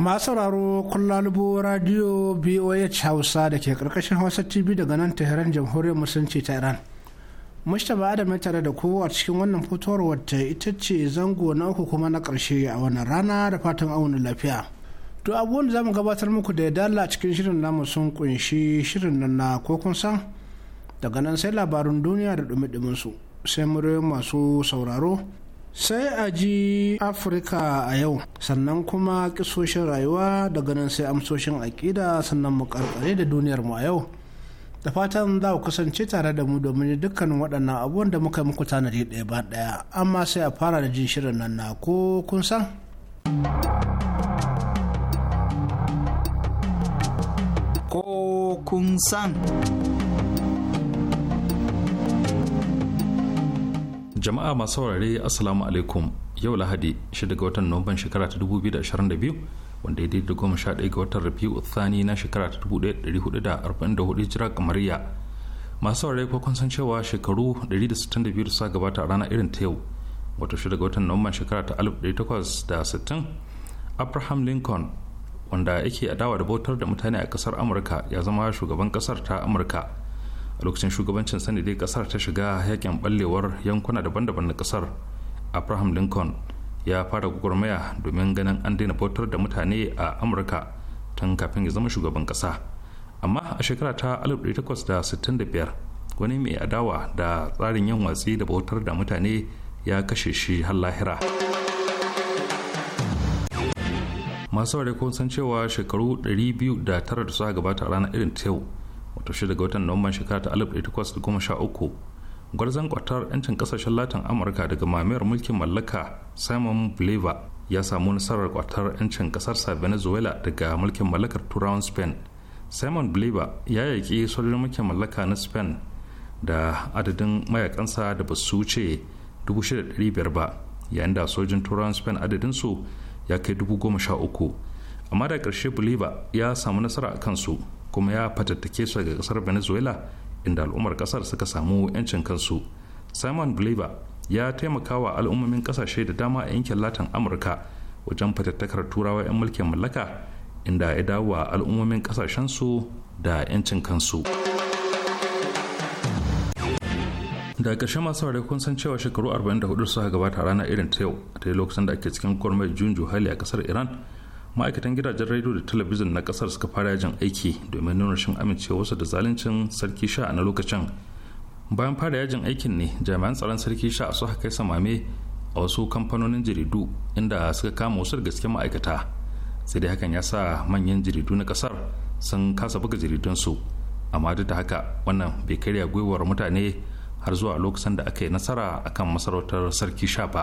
masu sauraro kullalubo radio boh hausa da ke karkashin hausa tv daga nan tehran jamhuriyar musulunci ta iran mustapha adam tare da kowa cikin wannan fitowar wata ita ce zango na uku kuma na karshe a wannan rana da fatan auna lafiya to abubuwan da zamu gabatar muku da ya dala cikin shirin namu sun kunshi shirin nan na ko san daga nan sai labarun duniya da dumi-dumin su sai muryoyin masu sauraro sai a ji afirka a yau sannan kuma kisoshin rayuwa daga nan sai amsoshin aƙida sannan mu karkare da duniyarmu a yau da fatan za ku kasance tare da mu domin dukkanin waɗannan abubuwan da muka yi muku tanadi ɗaya ba ɗaya amma sai a fara da jin shirin nan na ko kun san ko kun san jama'a masu saurare assalamu alaikum yau lahadi 6 ga watan nuwamban shekara ta 2022 wanda ya daidai da goma sha ɗaya ga watan rabiu uthani na shekara ta 1444 jira kamariya masu saurare ko kun san cewa shekaru 162 da suka gabata a rana irin ta yau wato 6 ga watan nuwamban shekara ta 1860 abraham lincoln wanda yake adawa da bautar da mutane a kasar amurka ya zama shugaban kasar ta amurka a lokacin shugabancin sani dai kasar ta shiga yakin ballewar yankuna daban-daban na kasar abraham lincoln ya fara gwagwarmaya domin ganin an daina bautar da mutane a amurka tun kafin ya zama shugaban kasa amma a shekara ta 1865 wani mai adawa da tsarin yin watsi da bautar da mutane ya kashe shi har lahira masu ware kun san cewa shekaru 209 da tara da suka gabata a ranar irin ta yau wata shida ga watan nuwamban shekara ta uku gwarzon kwatar 'yancin kasashen latin amurka daga mamayar mulkin mallaka simon bolivar ya samu nasarar kwatar 'yancin kasarsa venezuela daga mulkin mallakar turawan spain simon bolivar ya yaƙi sojin mulkin mallaka na spain da adadin mayakansa da ba su wuce 6,500 ba yayin da sojin turawan spain adadinsu ya kai 13,000 amma da ƙarshe bolivar ya samu nasara a kansu kuma ya fatattake su daga kasar venezuela inda al'ummar kasar suka samu 'yancin kansu simon bolivar ya taimaka wa al'ummomin kasashe da dama a yankin latin amurka wajen fatattakar turawa 'yan mulkin mallaka inda ya dawo wa al'ummomin kasashensu da 'yancin kansu da ƙarshe masu ware kun san cewa shekaru 44 suka gabata rana irin ta yau a ta lokacin da ake cikin gwamnati jun juhali a kasar iran ma'aikatan gidajen rediyo da talabijin na kasar suka fara yajin aiki domin nuna rashin amincewarsa da zaluncin sarki sha na lokacin bayan fara yajin aikin ne jami'an tsaron sarki sha haka kai samame a wasu kamfanonin jaridu inda suka kama wasu da gaske ma'aikata sai dai hakan ya sa manyan jaridu na kasar sun kasa buga jaridunsu amma duk da haka wannan bai karya gwiwar mutane har zuwa lokacin da aka yi nasara akan masarautar sarki sha ba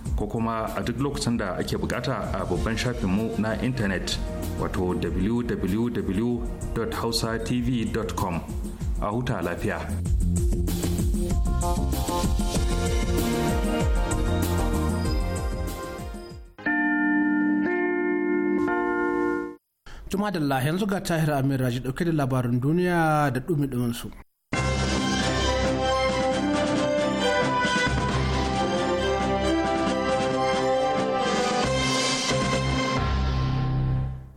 ko kuma a duk lokacin da ake bukata a babban shafinmu na intanet wato www.hausatv.com a huta lafiya. Tuma da yanzu ga Tahir Amir Raji dauke da labarin duniya da dumi su.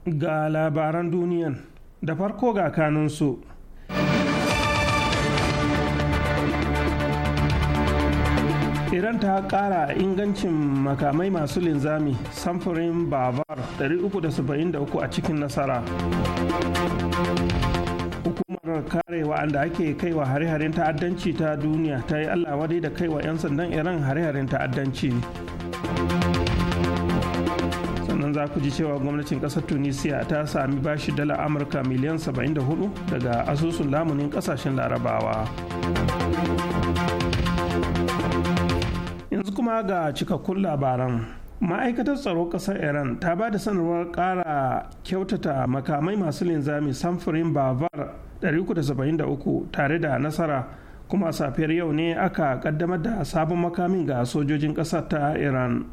ga labaran duniyan da farko ga kanunsu iran ta kara ingancin makamai masu linzami samfurin babar 373 a cikin nasara hukumar kare wa'anda ake kaiwa hare-haren ta'addanci ta duniya ta yi allah da kaiwa 'yan sandan iran hare-haren ta'addanci za ku ji cewa gwamnatin kasar tunisia ta sami bashi dala amurka miliyan 74 daga asusun lamunin kasashen larabawa yanzu kuma ga cikakkun labaran ma'aikatar tsaro kasar iran ta ba da sanarwar kara kyautata makamai masu linzami samfurin bavar 373 tare da nasara kuma safiyar yau ne aka kaddamar da sabon makamin ga sojojin kasar ta iran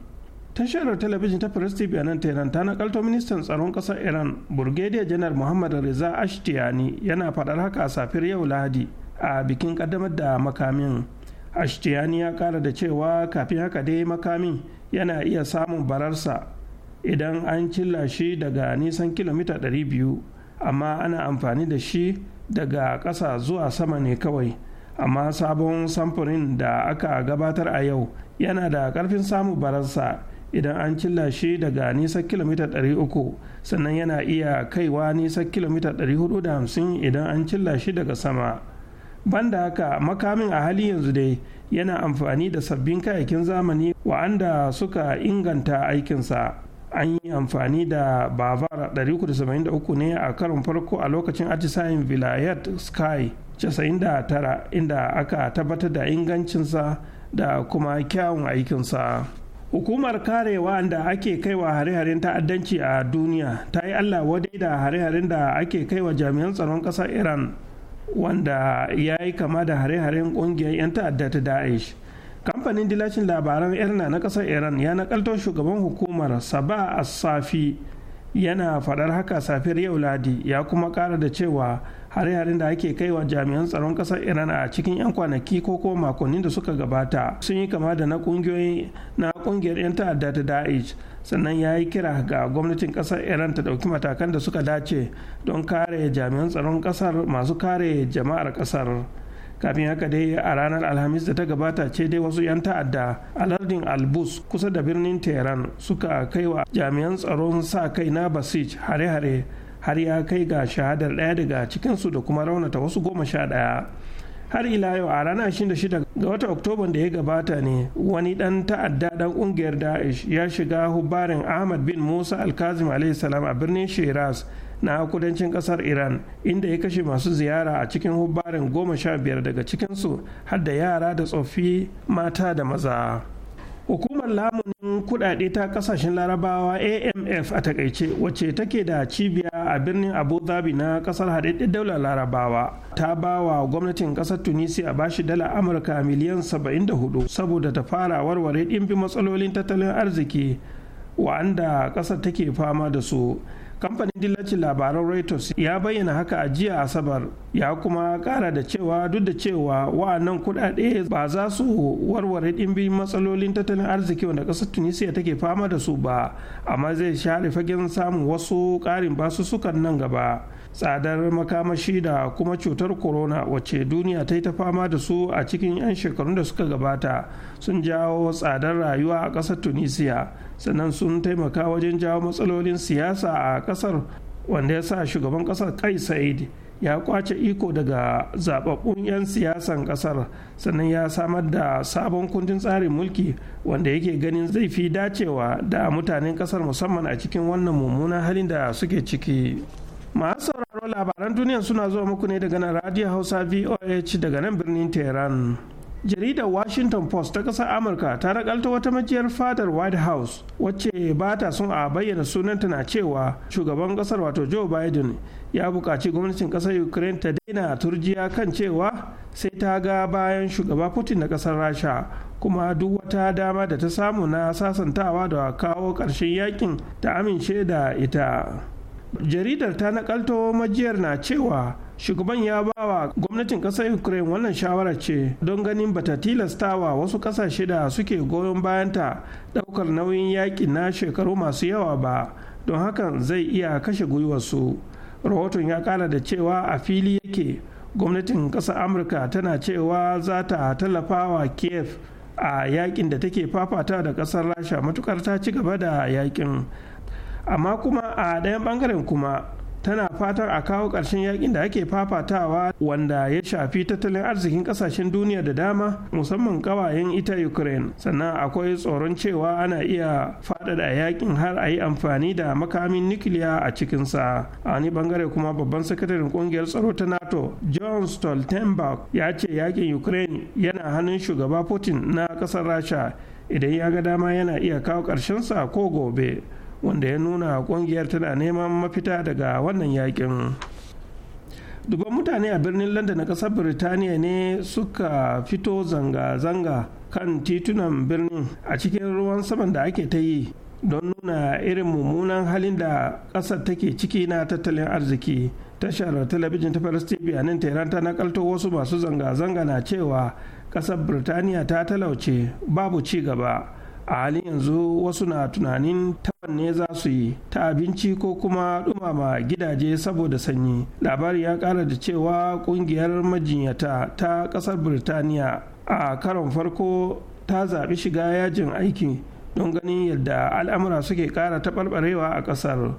tashar talabijin ta press tv a nan tehran ta nakalto ministan tsaron kasar iran burgediya janar muhammad reza ashtiyani yana faɗar haka a safiyar yau lahadi a bikin kaddamar da makamin ashtiyani ya kara da cewa kafin haka dai makamin yana iya samun bararsa idan an cilla shi daga nisan kilomita 200 amma ana amfani da shi daga ƙasa zuwa sama ne kawai amma sabon samfurin da aka gabatar a yau yana da ƙarfin samun bararsa idan an cilla shi daga nisan kilomita 300 sannan yana iya kaiwa nisan kilomita 450 idan an cilla shi daga sama banda haka makamin a hali yanzu dai yana amfani da sabbin kayakin zamani wa'anda suka inganta aikinsa an yi amfani da bavar 373 ne a karon farko a lokacin atisayin vilayet sky 99 inda aka tabbatar da ingancinsa da kuma kyawun aikinsa. hukumar karewa da ake kaiwa hare-haren ta'addanci a duniya ta yi allah wadai da hare-haren da ake kaiwa jami'an tsaron ƙasar iran wanda ya yi kama da hare-haren ƙungiyar 'yan ta'adda ta daesh kamfanin dilacin labaran irna na ƙasar iran ya nakalto shugaban hukumar saba safi yana faɗar haka safiyar yau ladi ya kuma kara da cewa hare-haren da ake kai wa jami'an tsaron ƙasar iran a cikin 'yan kwanaki ko kuma makonnin da suka gabata sun yi kama da na ƙungiyar 'yan ta'adda ta da'ish sannan ya yi kira ga gwamnatin kasar iran ta ɗauki matakan da suka dace don kare jami'an tsaron kasar masu kare jama'ar kasar kafin haka dai a ranar alhamis da ta gabata ce dai wasu 'yan ta'adda a lardin albus kusa da birnin tehran suka kai wa jami'an tsaron sa kai na basij hare-hare har ya kai ga shahadar ɗaya daga cikinsu da kuma raunata wasu goma sha ɗaya har ila yau a ranar 26 ga watan oktoba da ya gabata ne wani dan ta'adda dan kungiyar da'ish ya shiga hubarin ahmad bin musa alkazim salam a birnin shiraz na kudancin kasar iran inda ya kashe masu ziyara a cikin hubarin goma sha biyar daga cikinsu har da yara da tsoffi mata da maza hukumar lamunin kudade ta kasashen larabawa amf a takaice wacce take da cibiya a birnin abu dhabi na kasar haɗaɗɗen daular larabawa ta ba wa gwamnatin kasar tunisia bashi dala amurka miliyan 74 saboda ta fara warware ɗimbin matsalolin tattalin arziki wa'anda kasar take fama da su kamfanin dillacin labaran reuters ya bayyana haka a jiya asabar ya kuma kara da cewa duk da cewa wa'annan kudade ba za su warware ɗimbin matsalolin tattalin arziki wanda ƙasar tunisia take fama da su ba amma zai share fagen samun wasu ƙarin basussukan nan gaba tsadar makamashi da kuma cutar corona wacce duniya ta yi ta fama da su a cikin 'yan shekarun da suka gabata sun jawo tsadar rayuwa a ƙasar tunisia sannan sun taimaka wajen jawo matsalolin siyasa a ƙasar wanda ya sa shugaban ƙasar kai sa'id ya kwace iko daga zababbun 'yan siyasan ƙasar sannan ya samar da sabon kundin tsarin mulki wanda yake ganin zai fi dacewa da mutanen ƙasar musamman a cikin wannan mummunan halin da suke ciki masu sauraro labaran duniya suna zuwa muku ne daga nan radio hausa voh daga nan birnin tehran jaridar washington post ta kasar amurka ta rakalta wata majiyar fadar white house wacce ba ta son a bayyana sunanta na cewa shugaban ƙasar wato joe biden ya buƙaci gwamnatin ƙasar ukraine ta daina turjiya kan cewa sai ta ga bayan shugaba putin na ƙasar rasha kuma duk wata dama da ta samu na sasantawa da kawo ƙarshen yakin ta amince da ita jaridar ta nakalto majiyar na cewa shugaban ya ba wa gwamnatin kasar ukraine wannan shawara ce don ganin bata tilastawa wasu kasashe da suke goyon bayanta daukar nauyin yaƙi na shekaru masu yawa ba don hakan zai iya kashe gwiwarsu rahoton ya kara da cewa a fili yake gwamnatin kasar amurka tana cewa za ta tallafa wa kiev a yakin da take fafata da kasar rasha matukar ta ci gaba da yakin amma kuma a ɗayan ɓangaren kuma tana fatan a kawo ƙarshen yakin da ake fafatawa wanda ya shafi tattalin arzikin ƙasashen duniya da dama musamman ƙawayen ita ukraine sannan akwai tsoron cewa ana iya faɗaɗa yakin har a yi amfani da makamin nukiliya a cikinsa a wani bangare kuma babban sakataren ƙungiyar tsaro ta nato john stoltenberg ya ce yakin ukraine yana hannun shugaba putin na ƙasar rasha idan ya ga dama yana iya kawo ƙarshensa ko gobe wanda ya nuna kungiyar tana neman mafita daga wannan yakin dubban mutane a birnin london na kasar birtaniya ne suka fito zanga-zanga kan titunan birnin a cikin ruwan saman da ake ta yi don nuna irin mummunan halin da ƙasar take ciki na tattalin arziki tashar talabijin ta paris tv a nan tehran ta nakalto wasu masu zanga-zanga na cewa ƙasar birtaniya ta talauce babu ci gaba a halin yanzu wasu na tunanin taban ne za su yi ta abinci ko kuma dumama gidaje saboda sanyi labari ya kara da cewa kungiyar majinyata ta kasar birtaniya a karon farko ta zaɓi shiga yajin aiki don ganin yadda al'amura suke ƙara taɓarɓarewa a ƙasar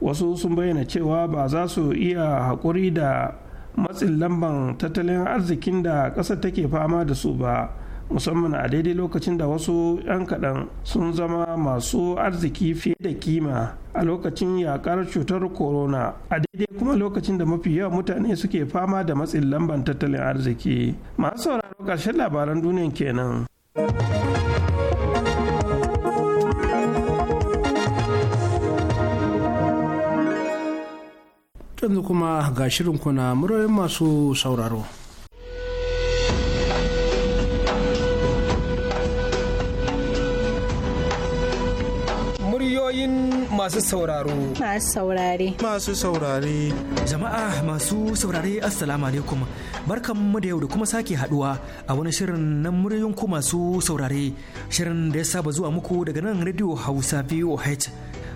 wasu sun bayyana cewa ba za su iya haƙuri da matsin lamban tattalin arzikin da ƙasar take fama da su ba musamman a daidai lokacin da wasu 'yan kaɗan sun zama masu arziki fiye da kima a lokacin yakar cutar corona a daidai kuma lokacin da mafi yawan mutane suke fama da matsin lamban tattalin arziki masu sauraro ƙarshen labaran duniyan kenan. yanzu kuma ga shirin kuna muryoyin masu sauraro. ra'ayoyin masu sauraro. Masu saurare. Masu saurare. Jama'a masu saurare Assalamu alaikum. Barkan mu da yau da kuma sake haduwa a wani shirin na muryoyin ku masu saurare. Shirin da ya saba zuwa muku daga nan Radio Hausa VOH.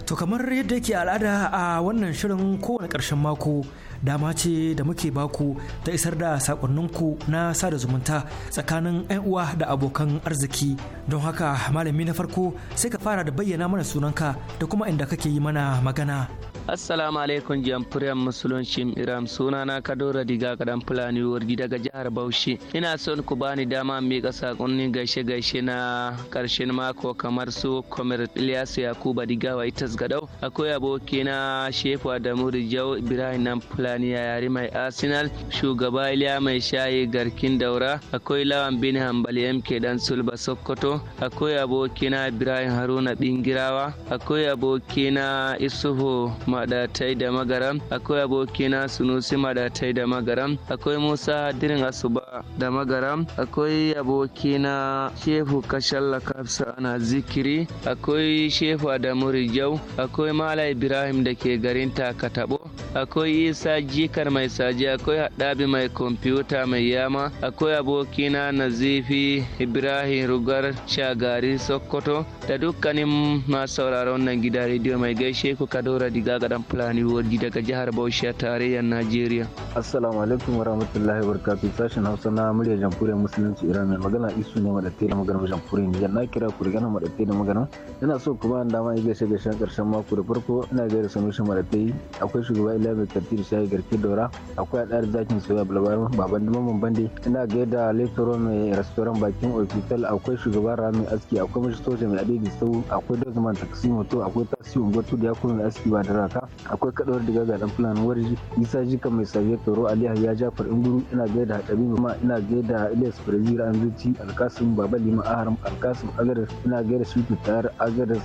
To kamar yadda yake al'ada a wannan shirin kowane ƙarshen mako dama ce da muke baku ta isar da sakonninku na sada zumunta tsakanin 'yan uwa da abokan arziki don haka malami na farko sai ka fara da bayyana mana sunanka da kuma inda kake yi mana magana assalamu alaikum jamfuriyar musulunci iram na kadora diga kadan fulani wargi daga jihar bauchi ina son ku bani dama kasa kunni gaishe gaishe na karshen mako kamar su kwamar ilyasu yakuba diga wa itas gadau akwai abokina shefu adamu rijau ibrahim nan fulani Sani Yayari mai Arsenal, shugaba Iliya mai shayi garkin daura, akwai Lawan bin hambal MK dan Sulba Sokoto, akwai abokina Ibrahim Haruna Bingirawa, akwai abokina Isuhu Madatai da Magaram, akwai abokina Sunusi Madatai da Magaram, akwai Musa Hadirin Asuba da Magaram, akwai abokina Shehu Kashalla Kafsa ana zikiri, akwai Shehu Adamu Rijau, akwai Mala Ibrahim da ke garin Takatabo, akwai Isa jikar mai saji akwai haɗabi mai kwamfuta mai yama akwai abokina nazifi ibrahim rugar shagari sokoto da dukkanin masu sauraron wannan gida rediyo mai gaishe ku kadora diga gadan fulani wargi daga jihar bauchi a tarayyar najeriya assalamu alaikum wa wabarakatuh sashen hausa na murya jamhuriyar musulunci iran mai magana isu ne ma da maganar jamhuriyar nijar na kira ku rigana ma da magana ina so kuma dama yi gaishe gaishen karshen mako da farko ina gaira sanushi madatte akwai shugaba ila mai tartiri shayi garki dora akwai adar zakin soya bulbarin baban dimaman bande ina ga da lektoro mai restaurant bakin ofital akwai shugaban rami aski akwai mashi soja mai adadi sau akwai dozman taksi moto akwai tasi ungwatu da yakunan mai aski ba da raka akwai kadawar diga ga ɗan fulani warji isa jika mai sabiya toro ali ya jafar inguru ina ga da haɗari ma ina ga da ilyas brazil an zuci alkasim baba lima aharam alkasim agadas ina ga da shutu tayar agadas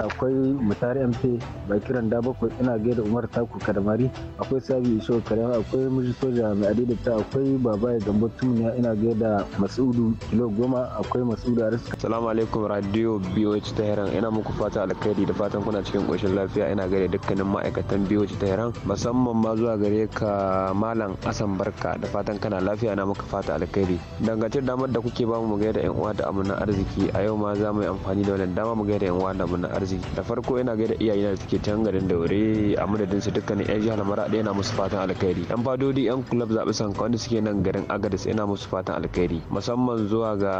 akwai mutare mp bakiran da bakwai ina ga da umar taku kadamari akwai sabi iso karewa akwai miji soja mai ta akwai baba ya gambo tumniya ina gaida masudu kilo goma akwai masudu a riska. salamu alaikum radio boh tehran ina muku fata alkhairi da fatan kuna cikin koshin lafiya ina gaida dukkanin ma'aikatan boh tehran musamman ma zuwa gare ka malam asan barka da fatan kana lafiya na muka fata alkhairi dangantar damar da kuke bamu mu gaida yan uwa da amina arziki a yau ma za mu yi amfani da wannan dama mu gaida yan uwa da amina arziki da farko ina gaida iyayena da suke can garin daure a madadin su dukkanin yan jihar maraɗi ina musu fatan alkhairi yan fadodi yan club zaɓi sanka wanda suke nan garin agadis ina musu fatan alkhairi musamman zuwa ga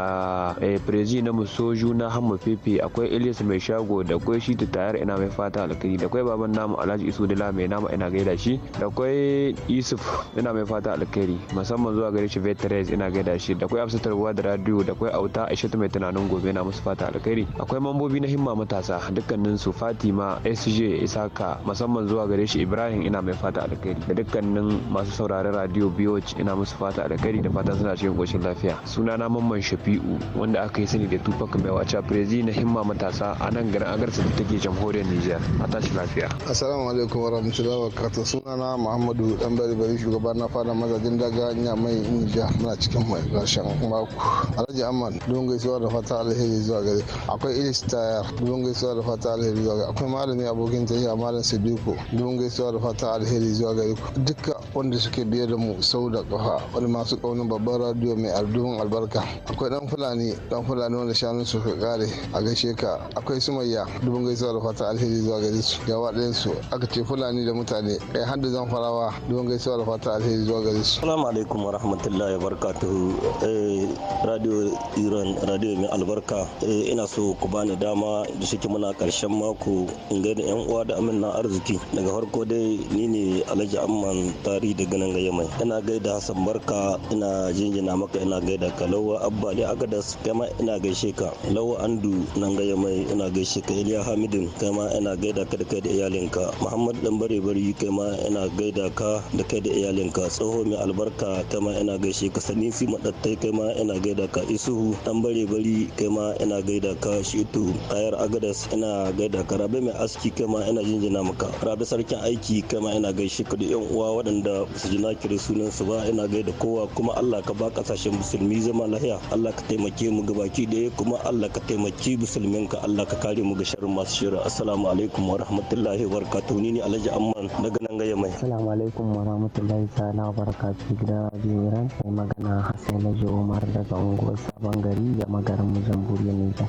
eh, prezi na musoju na hamma fifi akwai ilyas mai shago da akwai shi tayar ina mai fatan alkhairi da akwai baban namu alhaji isu dila mai nama ina gaida shi da akwai yusuf ina mai fatan alkhairi musamman zuwa gare shi veterans ina gaida shi da akwai absatar ruwa da radio da akwai auta aishatu mai tunanin gobe na musu fata alkhairi akwai mambobi na himma matasa dukkanin su fatima sj isaka musamman zuwa gare shi ibrahim ina mai fata alkhairi gari da dukkanin masu sauraron radio bioch ina musu fata da gari da fatan suna cikin koshin lafiya sunana mamman Shafi'u wanda aka yi sani da Tupac mai wacha prezi na himma matasa a nan garin Agarsa da take jamhuriyar Nijar a tashi lafiya assalamu alaikum barakatuh suna sunana Muhammadu dan bari bari shugaban na fara mazajin daga nya mai Nijar muna cikin mai rashin mako Alhaji Amman don gaisuwa da fata alheri zuwa gare akwai Ilis Tayar don gaisuwa da fata alheri zuwa gare akwai malami abokin tafiya malam Sidiku don gaisuwa da fata alheri zuwa zuwa gare ku duka wanda suke biye da mu sau da kafa wani masu kaunin babban radio mai ardubin albarka akwai dan fulani dan fulani wanda shanun su ka kare a gaishe ka akwai mayya dubin gaisuwa da fata alheri zuwa gare su ga ɗayan su aka ce fulani da mutane kai har da farawa dubin gaisuwa da fata alheri zuwa gare su assalamu alaikum wa rahmatullahi wa barakatuhu eh, radio iran radio mai albarka eh, ina so ku bani dama da shike muna karshen mako in ga yan uwa da amin na arziki daga farko dai ni ne alhaji amman tari da ganin gaya mai ina gaida hassan barka ina jinjina maka ina gaida ka lawa abbali agadas kai ma ina gaishe ka lawa andu nan gaya mai ina gaishe ka iliya hamidin kai ma ina gaida ka da kai da iyalinka muhammad dan bare bari kai ma ina gaida ka da kai da iyalinka tsoho mai albarka kai ma ina gaishe ka sanisi madattai kai ma ina gaida ka isuhu dan bare bari kai ma ina gaida ka shitu ayar agadas ina gaida ka rabe mai aski kai ma ina jinjina maka rabe sarkin aiki kai ma ina gaishe kudi yan uwa waɗanda su ji na kiri sunan su ba ina gaida kowa kuma Allah ka ba kasashen musulmi zama lahiya Allah ka taimake mu gabaki da kuma Allah ka taimaki musulmin ka Allah ka kare mu ga sharrin masu shirin assalamu alaikum wa rahmatullahi wa barakatuhu ni ne Alhaji Amman daga nan gaya mai assalamu alaikum wa rahmatullahi ta'ala wa barakatuhu gidan Radio Iran sai magana Hassan Lajo Umar daga unguwar Sabon Gari da magarin Mujamburiya ne ta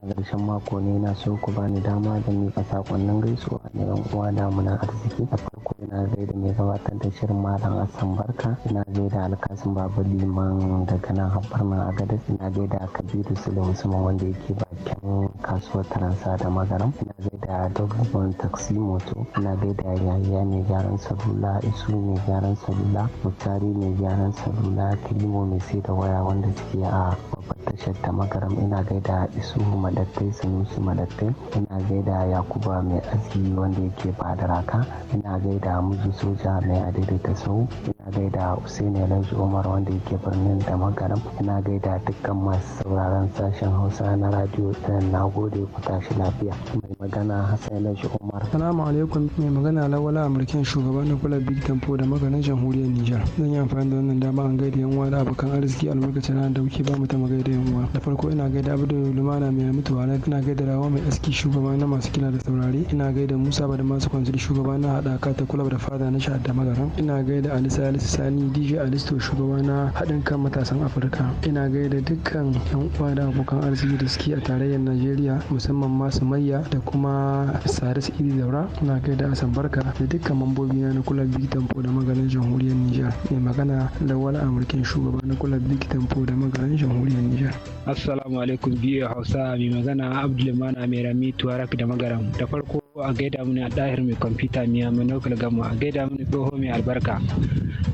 a ƙarshen mako ne na so ku bani dama da a sakonnin gaisuwa da yan uwa da muna arziki a farko ina gaida mai gabatar da shirin malam Hassan Barka ina gaida alkasin babu Liman daga nan Habbarna a Gadas ina gaida Kabiru Sule musamman wanda yake bakin kasuwar Taransa da Magaram ina gaida Dogon Taxi Moto ina gaida yaya mai gyaran salula Isu mai gyaran salula Mutari mai gyaran salula Kilimo mai sai da waya wanda suke a babban tashar ta magaram ina gaida isu madattai sanusi madattai ina gaida yakuba mai aski wanda yake raka ina gaida muji soja mai ta sau ina gaida usaini alhaji umar wanda yake birnin da magaram ina gaida dukkan masu sauraron sashen hausa na radio ta na gode ku tashi lafiya mai magana hassan alhaji umar salamu alaikum mai magana lawala amurkin shugaban na kula big tempo da maganin jamhuriyar nijar zan yi amfani da wannan dama an gaida yan wani abokan arziki a ranar da dauke ba mu ta magaida da yamma na farko ina gaida abdu lumana mai mutuwa ina gaida rawa mai aski shugaba na masu kila da saurari ina gaida musa ba da masu da shugaba na haɗaka ta kulab da fada na shahada magaran ina gaida alisa alisa sani dj alisto shugaba na haɗin kan matasan afirka ina gaida dukkan yan uwa da abokan arziki da suke a tarayyar najeriya musamman masu mayya da kuma sare sa'idi daura ina gaida asan barka da dukkan mambobi na kulab big tempo da maganin jamhuriyar nijar mai magana da wani amurkin shugaba na kulab big tempo da maganin jamhuriyar nijar Nijar. Assalamu alaikum biyu Hausa mai magana Abdulmana Merami Tuwarak da Magaram. Da farko a gaida mini a ɗahir mai kwamfuta miya mai naukar gama a gaida mini tsoho mai albarka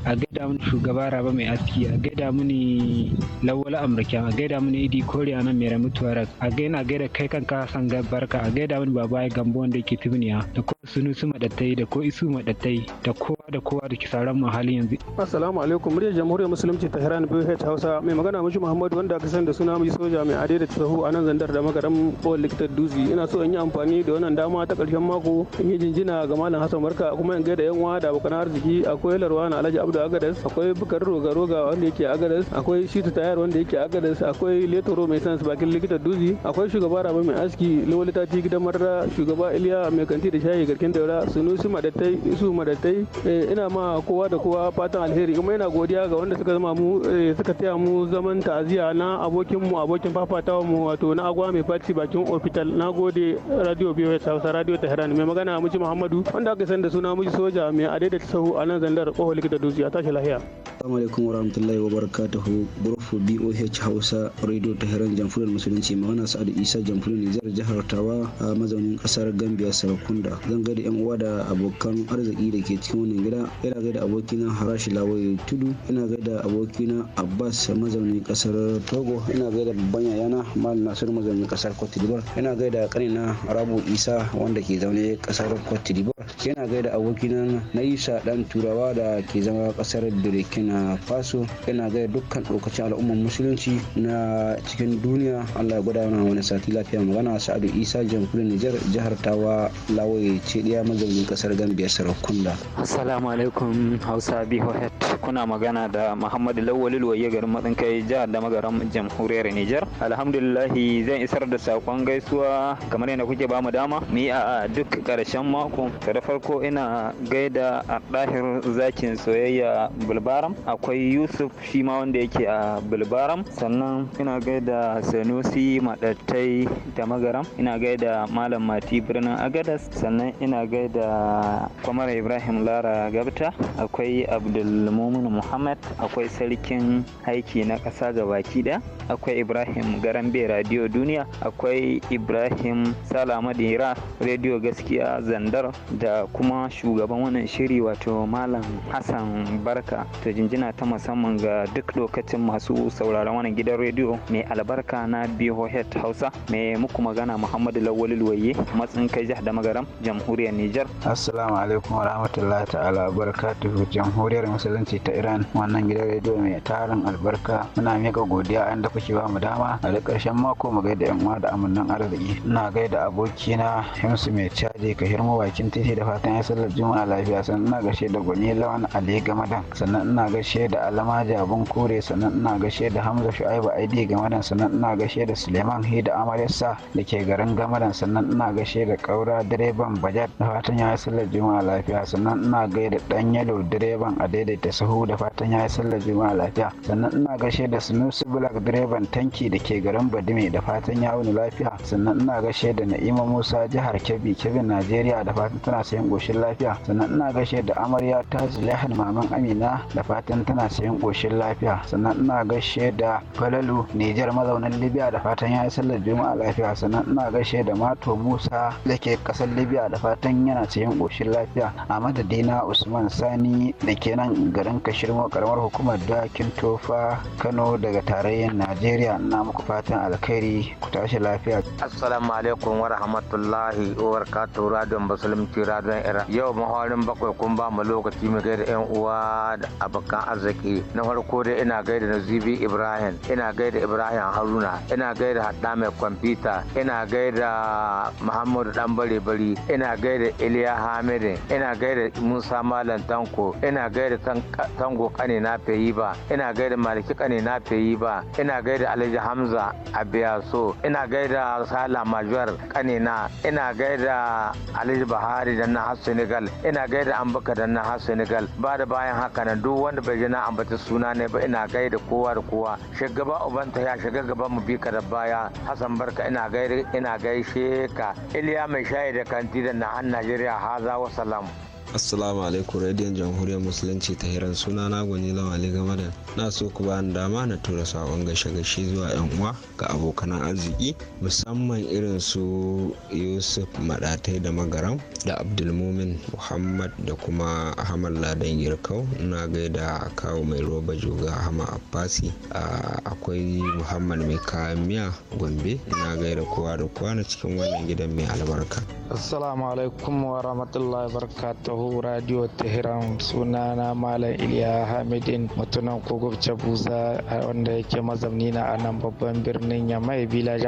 a gaida mini shugaba raba mai aski a gaida mini lawala amurka a gaida mini idi koriya nan mai ramu tuwarar a gaina gaida kai kanka san barka a gaida mini baba ya gambo wanda yake tibiniya da ko sunu su madattai da ko isu madattai da kowa da kowa da kisaran mu hali yanzu. assalamu alaikum muryar jamhuriyar musulunci ta hiran bh hausa mai magana mishi muhammadu wanda aka sani da suna mai soja mai adai da tsaho a nan zandar da magaram ko likitar dutse ina so in yi amfani da wannan dama ta ƙarshe ƙarshen mako in yi jinjina ga malam hassan barka kuma in gaida yan uwa da abokan arziki akwai larwa na alhaji abdu agadas akwai bukar roga roga wanda yake agadas akwai shitu tayar wanda yake agadas akwai letoro mai sans bakin likita duzi akwai shugaba rabe mai aski lawali tati gidan marra shugaba iliya mai kanti da shayi garkin daura sunusi madattai isu madattai eh, ina ma kowa da kowa fatan alheri kuma ina godiya ga wanda suka zama mu eh, suka taya mu zaman ta'aziya na abokin mu abokin fafatawa mu wato na agwa mai faci bakin ofital na gode radio biyu hausa radio radio tehran mai magana muji muhammadu wanda aka san da suna muji soja mai ta sahu a nan zandar kohol likita dutse a tashi lahiya assalamu alaikum wa barakatuhu burfu boh hausa radio tehran jamhuriyar musulunci magana sa'adu isa jamhuriyar nijar jihar tawa a mazaunin kasar gambia sarakunda zan gaida yan uwa da abokan arziki da ke cikin wannan gida ina gaida abokina harashi lawaye tudu ina gaida abokina abbas mazaunin kasar togo ina gaida babban yayana mal Nasiru mazaunin kasar cote d'ivoire ina gaida kanina rabu isa wanda ke zaune kasar Cote yana gaida abokina na isa dan turawa da ke zama kasar burkina faso yana gaida dukkan ɗaukacin al'ummar musulunci na cikin duniya allah ya gudana wani sati lafiya magana sa'adu isa jamhuriyar nijar jihar tawa lawaye ce ɗaya mazaunin kasar gambia sarakunda assalamu alaikum hausa bihohet kuna magana da muhammadu lawalil waye garin matsin kai jihar da magaran jamhuriyar nijar alhamdulillahi zan isar da saƙon gaisuwa kamar yadda kuke bamu dama mu a duk ƙarshen mako farko ina gaida a ɗahir zakin soyayya bulbaram akwai yusuf shi ma wanda yake a bulbaram sannan ina gaida sanusi maɗattai da magaram ina gaida malam mati birnin agadas sannan ina gaida kwamar ibrahim lara gabta akwai abdulmumin muhammad akwai sarkin haiki na ƙasa gabaki ɗaya akwai ibrahim garambe radio duniya akwai ibrahim salamadira radio gaskiya zandar da kuma shugaban wannan shiri wato malam hassan barka ta jinjina ta musamman ga duk lokacin masu sauraron wannan gidan rediyo mai albarka na bihohet hausa mai muku magana muhammadu lawali luwaye matsin kai jihar da magaram jamhuriyar nijar assalamu alaikum warahmatullahi ta'ala barakatuhu jamhuriyar musulunci ta iran wannan gidan rediyo mai tarin albarka muna miƙa godiya a da kuke ba mu dama a da ƙarshen mako mu gaida yan uwa da amannan arziki ina gaida abokina himsu mai caji ka hirmo bakin titi da fatan ya sallar juma'a lafiya sannan ina gashe da gwani lawan ali gamadan sannan ina gashe da alama jabun kore sannan ina gashe da hamza shu'aibu aidi gamadan sannan ina gashe da suleiman hida amaryarsa da ke garin gamadan sannan ina gashe da kaura direban bajat da fatan ya sallar juma'a lafiya sannan ina gaida dan yalo direban a daidaita sahu da fatan ya sallar juma'a lafiya sannan ina gashe da sunusu black direban tanki da ke garin badime da fatan ya wuni lafiya sannan ina gashe da na'ima musa jihar kebbi kebbi najeriya da fatan tana sayan goshin lafiya sannan ina gaishe da amarya ta zilahan maman amina da fatan tana sayan goshin lafiya sannan ina gaishe da falalu nijar mazaunin libya da fatan ya yi sallar juma'a lafiya sannan ina gaishe da mato musa da ke kasar libya da fatan yana sayan goshin lafiya a madadina usman sani da ke nan garin kashirmo karamar hukumar dakin tofa kano daga tarayyar najeriya na muku fatan alkhairi ku tashi lafiya assalamu alaikum wa rahmatullahi wa barakatuhu radio musulunci radio zan ira yau mahawarin bakwai kun ba mu lokaci mu gaida yan uwa da abokan arziki na farko dai ina gaida na zibi ibrahim ina gaida ibrahim haruna ina gaida hadda mai kwamfuta ina gaida muhammadu dan bare bari ina gaida iliya hamidin ina gaida musa malam tanko ina gaida tango kane na feyi ba ina gaida maliki kane na feyi ba ina gaida alhaji hamza abiyaso ina gaida sala majuwar kane na ina gaida alhaji bahari da na Senegal ina gaida an baka da na Senegal ba da bayan haka nan duk wanda bai ji na ambata suna ne ba ina gaida kowa da kowa shugaba ubanta ya shiga gaban mu bika da baya hasan Barka ina gaida ina gaishe ka Iliya mai shayi da kanti da na Najeriya haza wa salam. assalamu alaikum radiyon jamhuriyar musulunci ta hiran suna na gwani lawali game da na so ku bani dama na tura sakon gashe gashe zuwa yan uwa ga abokan arziki musamman irin su yusuf madatai da magaram da abdulmumin muhammad da kuma ahmad ladan yirkau na gaida kawo mai roba juga hama abbasi akwai muhammad mai kayan miya gombe na gaida kowa da kowa na cikin wannan gidan mai albarka Assalamu alaikum wa rahmatullahi barakatuhu Radio Tehran sunana Malam Iliya Hamidin mutunan kogobce buza wanda yake mazamni na a nan babban birnin Yamai Village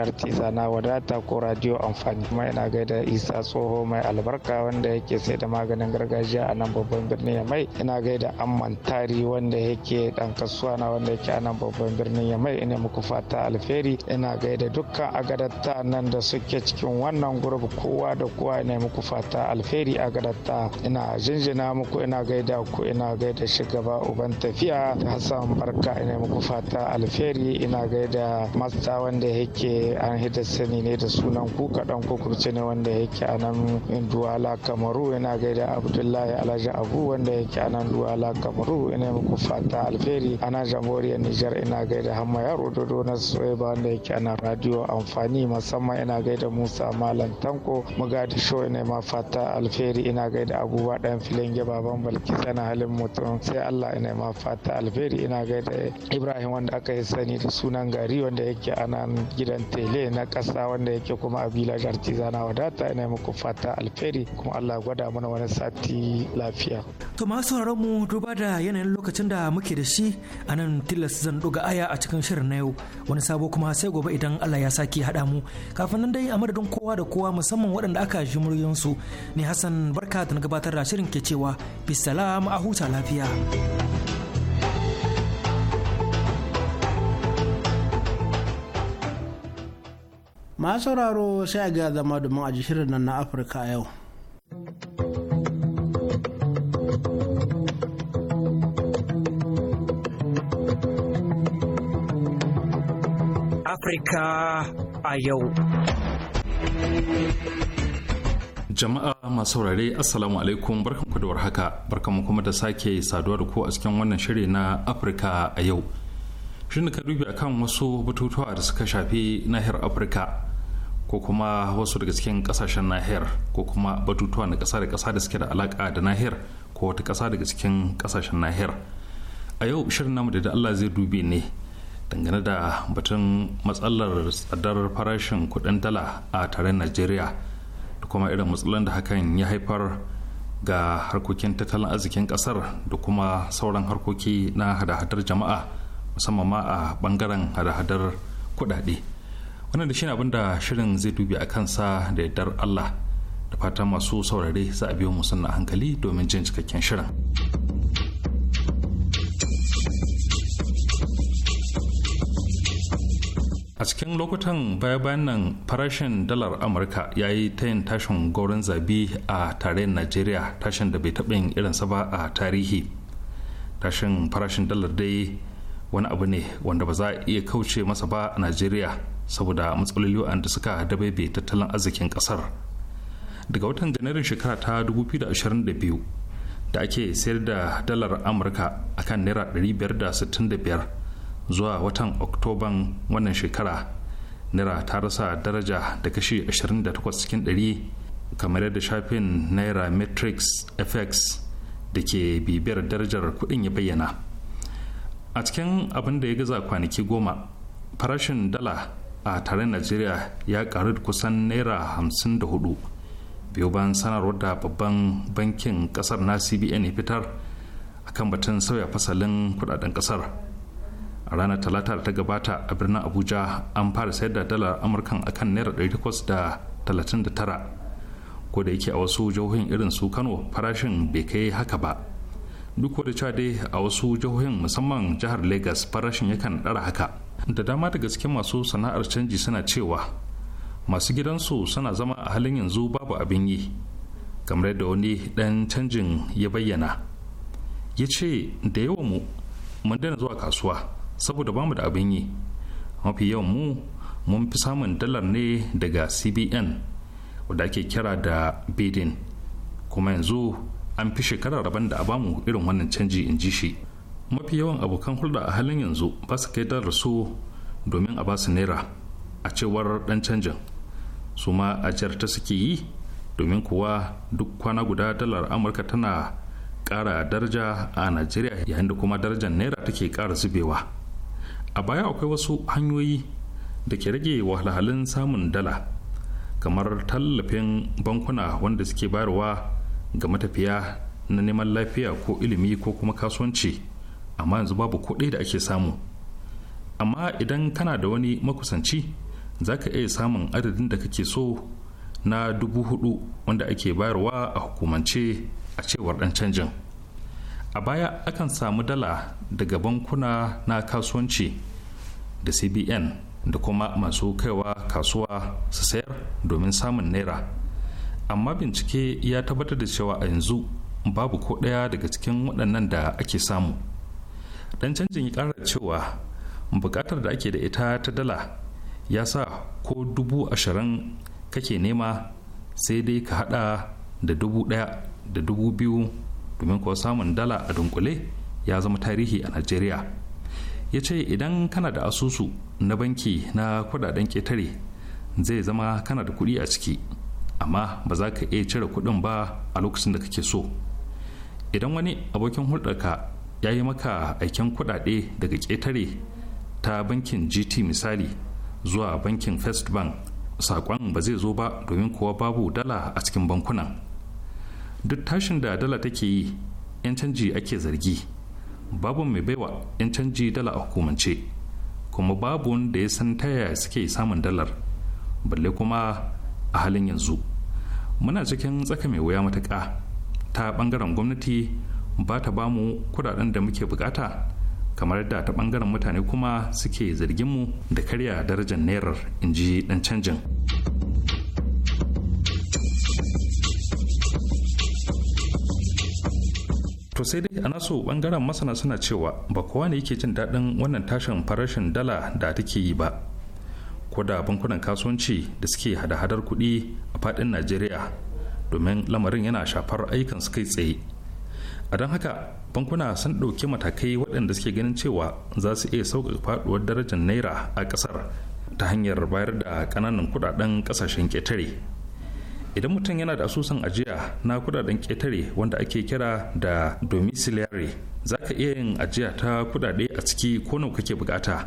na wadata ko radio amfani kuma yana gaida Isa Tsoho mai albarka wanda yake sai da maganin gargajiya a nan babban birnin Yamai ina gaida Amman Tari wanda yake dan kasuwa na wanda yake a nan babban birnin Yamai ina muku fata alferi ina gaida dukkan agadatta nan da suke cikin wannan gurbi kowa da kowa ina muku fata alheri a gadatta ina jinjina muku ina gaida ku ina gaida shugaba uban tafiya hassan barka ina muku fata alheri ina gaida masta wanda yake an hita sani ne da sunan ku kaɗan kurce ne wanda yake a nan duwala kamaru ina gaida abdullahi alhaji abu wanda yake a nan duwala kamaru ina muku fata alheri a nan jamhuriyar nijar ina gaida hamma yaro dodo na soyaba wanda yake a nan radio amfani musamman ina gaida musa malam tanko muga gadi show ne ma fata alheri ina gaida abubuwa dan filin gaba ban balki sana halin mutum sai Allah ina ma fata alheri ina gaida Ibrahim wanda aka yi sani da sunan gari wanda yake a nan gidan tele na kasa wanda yake kuma a village artisana wadata ina muku fata alheri kuma Allah gwada mana wani sati lafiya. To masu sauraron mu duba da yanayin lokacin da muke da shi a nan tilas zan ɗuga aya a cikin shirin na yau wani sabo kuma sai gobe idan Allah ya sake haɗa mu kafin nan dai a madadin kowa da kowa musamman waɗanda aka ji muryoyinsu ni Hassan barka da na gabatar da shirin ke cewa bisalam a huta lafiya. masu sauraro sai a ga zama domin a ji shirin nan na Afirka yau. Afirka a yau. Jama'a masu saurare Assalamu alaikum barkanku da warhaka barkanku kuma da sake saduwa da ku a cikin wannan shiri na Afirka a yau. ne ka dubi kan wasu batutuwa da suka shafi nahiyar Afirka ko kuma wasu daga cikin kasashen nahiyar ko kuma batutuwa na kasa da kasa da suke da alaka da nahiyar ko wata kasa daga cikin kasashen nahiyar. A yau shirin namu da Allah zai dubi ne dangane da batun matsalar tsadar farashin kudin dala a tare Najeriya. da kuma irin matsalolin da hakan ya haifar ga harkokin tattalin arzikin kasar da kuma sauran harkoki na hada-hadar jama'a musamman ma a bangaren hada-hadar kudade wannan da shi abin da shirin zai dubi a kansa da yardar allah da fatan masu saurare za a biyo mu musamman hankali domin jin cikakken shirin. cikin lokutan baya-bayan nan farashin dalar amurka ya yi ta yin tashin gaurin zabi a tarayyar najeriya tashin da bai taɓa yin irinsa ba a tarihi tashin farashin dalar dai wani abu ne wanda ba za a iya kauce masa ba a najeriya saboda matsaloli da suka dabaibe tattalin arzikin kasar daga watan janairun shekara ta 2022 da ake sayar da dalar amurka akan naira 565 zuwa watan oktoban wannan shekara naira ta rasa daraja da kashi 28 cikin 100 kamar yadda shafin naira matrix fx da ke bibiyar darajar kudin ya bayyana a cikin abin da ya gaza kwanaki goma farashin dala a tare najeriya ya karu kusan naira 54 biyu bayan sanarwar da babban bankin kasar na cbn ya fitar akan batun sauya fasalin kudaden kasar a ranar talata da ta gabata a birnin abuja an fara sayar da dalar amurkan akan naira 839 ko da yake a wasu jihohin irin su kano farashin bai kai haka ba duk da cewa dai a wasu jihohin musamman jihar lagos farashin yakan ɗara haka da dama daga cikin masu sana'ar canji suna cewa masu gidansu suna zama a halin yanzu babu abin yi kamar yadda wani dan canjin ya bayyana ya ce da yawan mu mun daina zuwa kasuwa saboda bamu da abin yi mafi yawan mu mun fi samun dalar ne daga cbn wadda ake kira da bidin kuma yanzu an fi shekarar rabon da a bamu irin wannan canji in ji shi mafi yawan abokan hulɗa a halin yanzu ba su kai dalar su domin a ba su naira a cewar dan canjin su ma a ta suke yi domin kuwa duk kwana guda dalar amurka tana ƙara daraja a najeriya yayin da kuma darajar naira take ƙara zubewa a baya akwai wasu hanyoyi da ke rage wahalhalun samun dala kamar tallafin bankuna wanda suke bayarwa ga matafiya na neman lafiya ko ilimi ko kuma kasuwanci amma yanzu babu kuɗi da ake samu amma idan kana da wani makusanci za ka iya samun adadin da kake so na dubu hudu wanda ake bayarwa a hukumance a cewar dan canjin a baya akan samu dala daga bankuna na kasuwanci da cbn da kuma masu kaiwa kasuwa su sayar domin samun naira amma bincike ya tabbatar da cewa a yanzu babu ko ɗaya daga cikin waɗannan da ake samu ɗan canjin ya ƙara cewa buƙatar da ake da ita ta dala ya sa ko dubu ashirin kake nema sai dai ka haɗa da dubu ɗaya da dubu biyu domin kuwa samun dala a dunkule ya zama tarihi a najeriya ya ce idan kana da asusu na banki na kudaden ketare zai zama kana da kuɗi a ciki amma ba za ka iya cire kuɗin ba a lokacin da kake so idan wani abokin hulɗarka ya yi maka aikin kuɗaɗe daga ketare ta bankin gt misali zuwa bankin first bank saƙon ba zai zo ba domin kuwa babu dala a cikin bankunan duk tashin da dala take yi 'yan canji ake zargi babu mai baiwa 'yan canji dala a hukumance kuma babu wanda ya san taya suke samun dalar balle kuma a halin yanzu muna cikin tsaka mai wuya matuƙa ta ɓangaren gwamnati ba ta ba mu kudaden da muke bukata kamar da ta ɓangaren mutane kuma suke zargin mu da karya darajar naira in ji dan canjin. to sai dai a nasu bangaren masana suna cewa ba kowa ne yake jin daɗin wannan tashin farashin dala da take yi ba ko da bankunan kasuwanci da suke hada-hadar kuɗi a faɗin najeriya domin lamarin yana shafar aikin su kai tsaye a don haka bankuna sun ɗauki matakai waɗanda suke ganin cewa za su iya sauƙaƙa faɗuwar darajar naira a ƙasar ta hanyar bayar da ƙananan kuɗaɗen ƙasashen ƙetare idan mutum yana da asusun ajiya na kudaden ketare wanda ake kira da domiciliary za ka iya yin ajiya ta kudade a ciki ko nawa kake bukata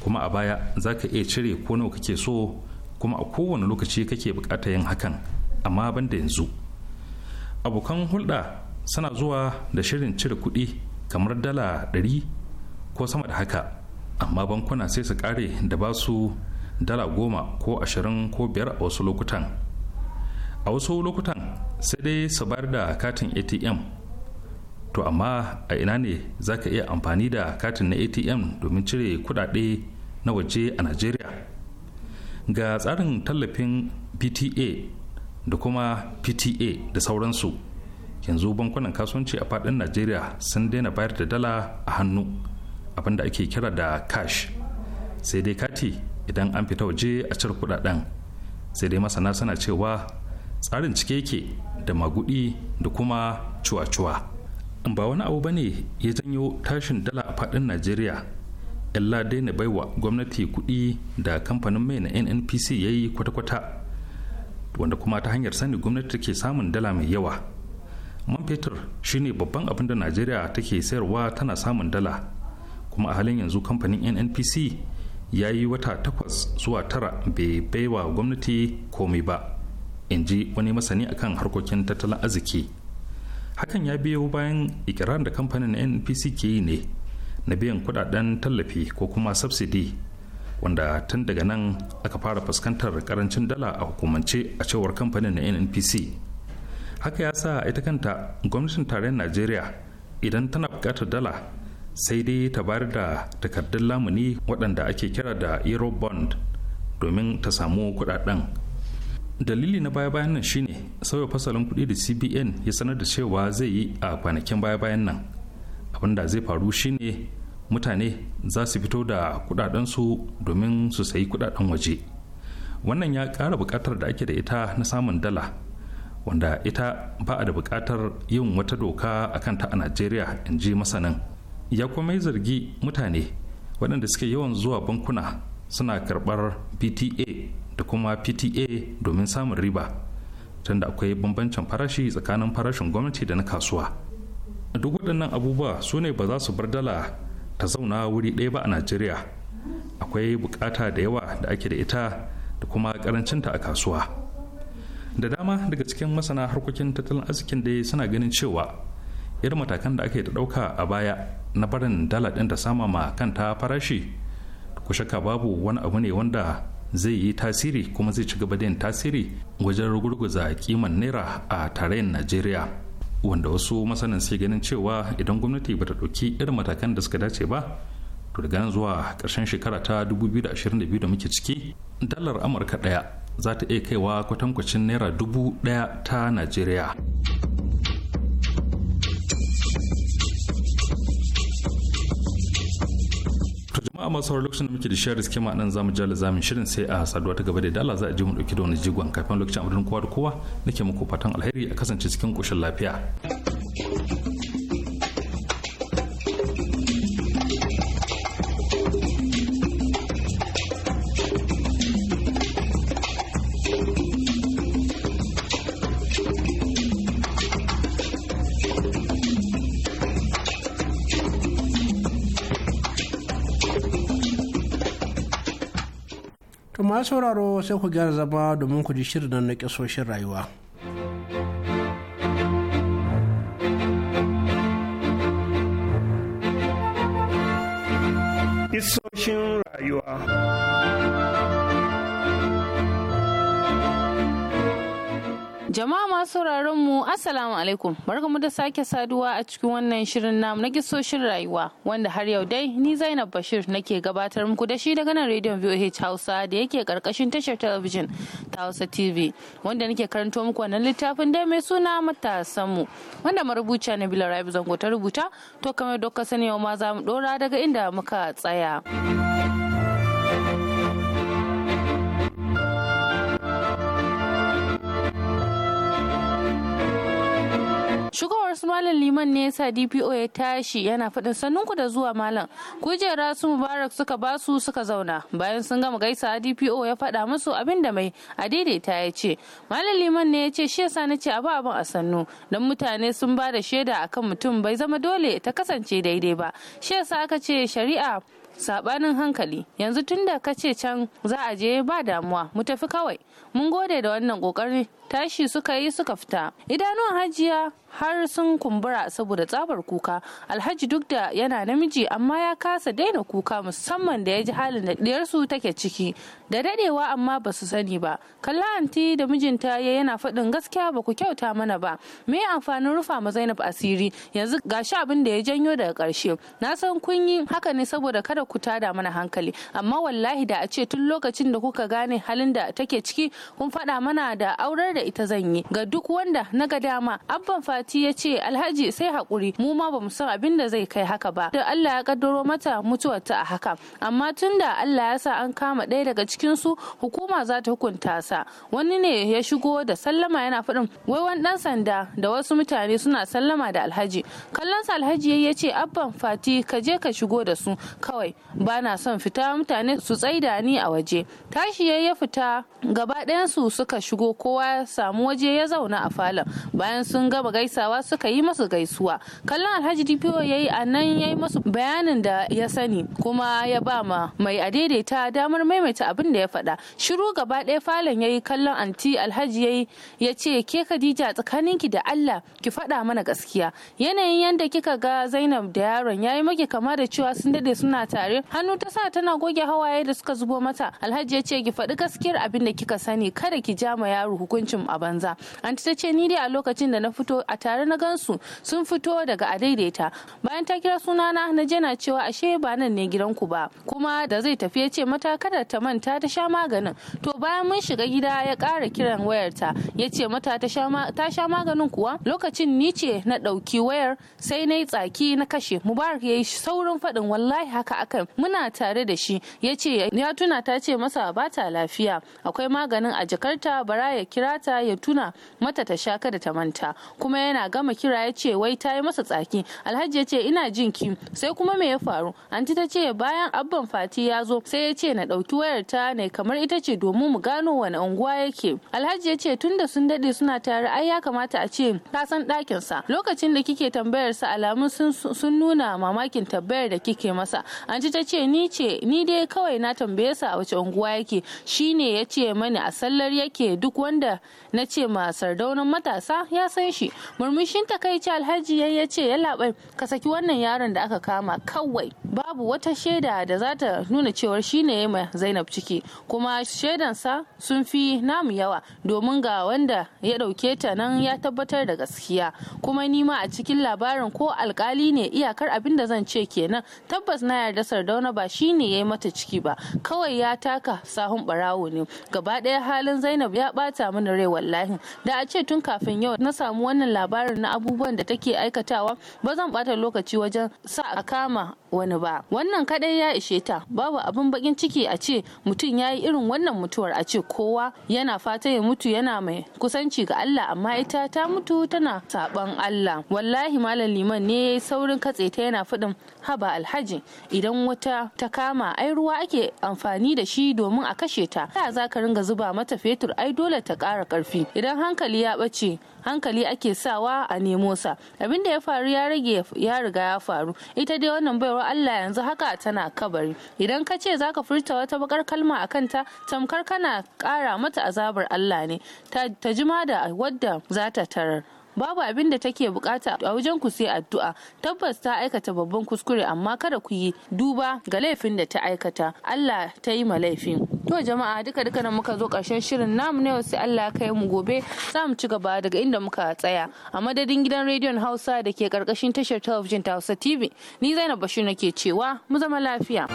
kuma a baya za ka iya cire ko nawa kake so kuma a kowane lokaci kake bukata yin hakan amma ban da yanzu abokan hulɗa suna zuwa da shirin cire kuɗi kamar dala ɗari ko sama da haka amma bankuna sai su kare da ba su dala goma ko ashirin ko biyar a wasu lokutan a wasu lokutan sai dai su bayar da katin atm to amma a ina ne za ka iya amfani da katin na atm domin cire kudade na waje a nigeria ga tsarin tallafin pta da kuma pta da sauransu yanzu bankunan kasuwanci a fadin nigeria sun daina bayar da dala a hannu abinda ake kira da cash sai dai kati idan an fita waje a cire kudaden sai dai masana suna cewa tsarin cike yake da magudi da kuma cuwa-cuwa in ba wani abu bane ya janyo tashin dala a fadin najeriya illa na baiwa gwamnati kudi da kamfanin mai na nnpc ya yi kwata-kwata wanda kuma ta hanyar sani gwamnati take samun dala mai yawa man fetur shine babban abin da najeriya take sayarwa tana samun dala kuma a halin yanzu kamfanin nnpc ya yi wata takwas zuwa tara bai baiwa gwamnati komai ba in ji wani masani akan harkokin tattalin arziki hakan ya biyo bayan ikirarin da kamfanin npc ke yi ne na biyan kudaden tallafi ko kuma subsidy wanda tun daga nan aka fara fuskantar karancin dala a hukumance a cewar kamfanin na nnpc haka ya sa ita kanta gwamnatin tarayyar najeriya idan tana bukatar dala sai dai ta bayar da takardun lamuni waɗanda ake kira da eurobond domin ta samu kudaden dalili na baya-bayan nan shine sauya fasalin kuɗi da cbn ya sanar da cewa zai yi a kwanakin baya-bayan nan abin da zai faru shine mutane za su fito da su domin su sayi kudaden waje wannan ya ƙara buƙatar da ake da ita na samun dala wanda ita ba a da buƙatar yin wata doka a kanta a najeriya in ji masanin ya kuma yi zargi mutane waɗanda suke yawan zuwa bankuna suna karɓar bta da kuma pta domin samun riba tunda akwai bambancin farashi tsakanin farashin gwamnati da na kasuwa duk waɗannan abubuwa su ne ba za su bar dala ta zauna wuri ɗaya ba a najeriya akwai bukata da yawa da ake da ita da kuma karancinta a kasuwa da dama daga cikin masana harkokin tattalin arzikin da suna ganin cewa irin matakan da ake da ɗauka a baya na barin dala ɗin da sama ma kanta farashi kushaka babu wani abu ne wanda zai yi tasiri kuma zai ci gaba da yin tasiri wajen rugurguza kiman naira a tarayyar najeriya wanda wasu masanan sai ganin cewa idan gwamnati bata ɗauki irin matakan da suka dace ba to daga nan zuwa ƙarshen shekara ta 2022 da muke ciki dalar amurka ɗaya za ta iya kaiwa kwatankwacin naira dubu ɗaya ta najeriya a masu lokacin da muke da shirin riske ma nan zamu jala zamin shirin sai a saduwa ta gaba da dala za a ji mu dauki da wani jigon kafin lokacin abudin kowa da kowa nake muku fatan alheri a kasance cikin koshin lafiya. ma sauraro sai ku gyara zama domin ku ji shirin nan na kisoshin rayuwa. Kisoshin rayuwa. Jama'a masu sauraron mu Assalamu alaikum. mu da sake saduwa a cikin wannan shirin namu na gisoshin rayuwa wanda har yau dai ni Zainab Bashir nake gabatar muku da shi daga nan rediyon VOH Hausa da yake karkashin tashar talabijin ta Hausa TV wanda nake karanto muku wannan littafin dai mai suna matasan mu wanda marubuciya Bilal Rabi Zango ta rubuta to kamar doka sani yau ma za mu dora daga inda muka tsaya. shigowar su malam liman ne yasa dpo ya tashi yana faɗin sannunku da zuwa malam kujera su mubarak suka basu suka zauna bayan sun gama gaisa dpo ya faɗa musu abin da mai a ta ya ce malam liman ne ya ce shi yasa na ce abu abin a sannu don mutane sun ba da shaida akan mutum bai zama dole ta kasance daidai ba shi yasa aka ce shari'a sabanin hankali yanzu tunda ka ce can za a je ba damuwa mu tafi kawai mun gode da wannan kokarin tashi suka yi suka fita idanun hajiya har sun kumbura saboda tsabar kuka alhaji duk da yana namiji amma ya kasa daina kuka musamman da ya ji halin da ɗiyarsu take ciki da dadewa amma ba su sani ba kalla anti da mijinta ya yana faɗin gaskiya ba ku kyauta mana ba me amfanin rufa ma zainab asiri yanzu gashi abin da ya janyo daga karshe na san kun yi haka ne saboda kada ku tada mana hankali amma wallahi da a ce tun lokacin da kuka gane halin da take ciki kun faɗa mana da aurar da ita zan yi ga duk wanda na ga dama abban fati ya ce alhaji sai haƙuri mu ma bamu san abin da zai kai haka ba da Allah ya kaddaro mata mutuwar ta a haka amma tunda Allah ya sa an kama ɗaya daga cikin su hukuma za ta hukunta sa wani ne ya shigo da sallama yana faɗin wai wani ɗan sanda da wasu mutane suna sallama da alhaji kallon sa alhaji ya ce abban fati ka je ka shigo da su kawai bana son fita mutane su tsaida ni a waje tashi ya fita gaba su suka shigo kowa ya samu waje ya zauna a falon bayan sun gama gaisawa suka yi masu gaisuwa kallon alhaji dpo ya yi a nan ya yi masu bayanin da ya sani kuma ya ba ma mai adaidaita damar maimaita abin da ya faɗa shiru gaba ɗaya falon ya yi kallon anti alhaji ya yi ya ce ke khadija ki da allah ki faɗa mana gaskiya yanayin yadda kika ga zainab da yaron ya yi maki kama da cewa sun dade suna tare hannu ta sa tana goge hawaye da suka zubo mata alhaji ya ce ki faɗi gaskiyar abin da kika sani ne kada ki ja ma yaro hukuncin a banza anti ta ce ni dai a lokacin da na fito a tare na gansu sun fito daga a daidaita bayan ta kira sunana na je na cewa ashe ba nan ne gidanku ba kuma da zai tafi ya ce mata kada ta manta ta sha maganin to bayan mun shiga gida ya kara kiran wayarta ya ce mata ta sha maganin kuwa lokacin ni ce na ɗauki wayar sai na yi tsaki na kashe mubarak ya yi saurin faɗin wallahi haka akan muna tare da shi ya ce ya tuna ta ce masa ba ta lafiya akwai maganin tunanin a jakarta bara ya kira ta ya tuna mata ta sha kada ta manta kuma yana gama kira ya ce wai ta yi masa tsaki alhaji ya ce ina jin ki sai kuma me ya faru anti ta ce bayan abban fati ya zo sai ya ce na ɗauki wayar ta ne kamar ita ce domin mu gano wani unguwa yake alhaji ya ce tunda sun dade suna tare ai ya kamata a ce ka san ɗakin sa lokacin da kike tambayar sa alamun sun nuna mamakin tambayar da kike masa anti ta ce ni ce ni dai kawai na tambaye sa a wace unguwa yake shine ya ce mani a sallar yake duk wanda na ce ma sardaunan matasa ya san shi murmushin takaici alhaji ya ce ya ka saki wannan yaron da aka kama kawai babu wata shaida da za ta nuna cewar shine ya ma zainab ciki kuma shaidansa sun fi namu yawa domin ga wanda ya ɗauke ta nan ya tabbatar da gaskiya kuma ni ma a cikin labarin ko alkali ne iyakar abin da zan ce kenan tabbas na yarda sardauna ba shi ne ya yi mata ciki ba kawai ya taka sahun barawo ne gaba ɗaya halin zainab ya bata mana rai wallahi da a ce tun kafin yau na samu wannan labarin na abubuwan da take aikatawa ba zan bata lokaci wajen sa a kama wani ba wannan kadai ya ishe ta babu abin bakin ciki a ce mutum ya yi irin wannan mutuwar a ce kowa yana fata ya mutu yana mai kusanci ga Allah amma ita ta mutu tana saban Allah wallahi malam liman ne ya yi saurin katse ta yana faɗin haba alhaji idan wata ta kama ai ruwa ake amfani da shi domin a kashe ta ya za ka ringa zuba mata fetur ai dole ta ƙara ƙarfi idan hankali ya ɓace hankali ake sawa a nemo sa abin da ya faru ya rage ya riga ya faru ita dai wannan baiwar Allah yanzu haka tana kabari idan ka ce zaka furta wata bakar kalma a kanta tamkar kana ƙara mata azabar Allah ne ta jima da wadda za ta tarar babu abin da take bukata a wajen ku sai addu'a tabbas ta aikata babban kuskure amma kada ku yi duba ga laifin da ta aikata Allah ta yi ma laifin to jama'a duka duka nan muka zo karshen shirin namu na yau sai Allah ya kai mu gobe za mu ci gaba daga inda muka tsaya a madadin gidan rediyon Hausa da ke karkashin tashar talabijin ta Hausa TV ni Zainab Bashir nake cewa mu zama lafiya.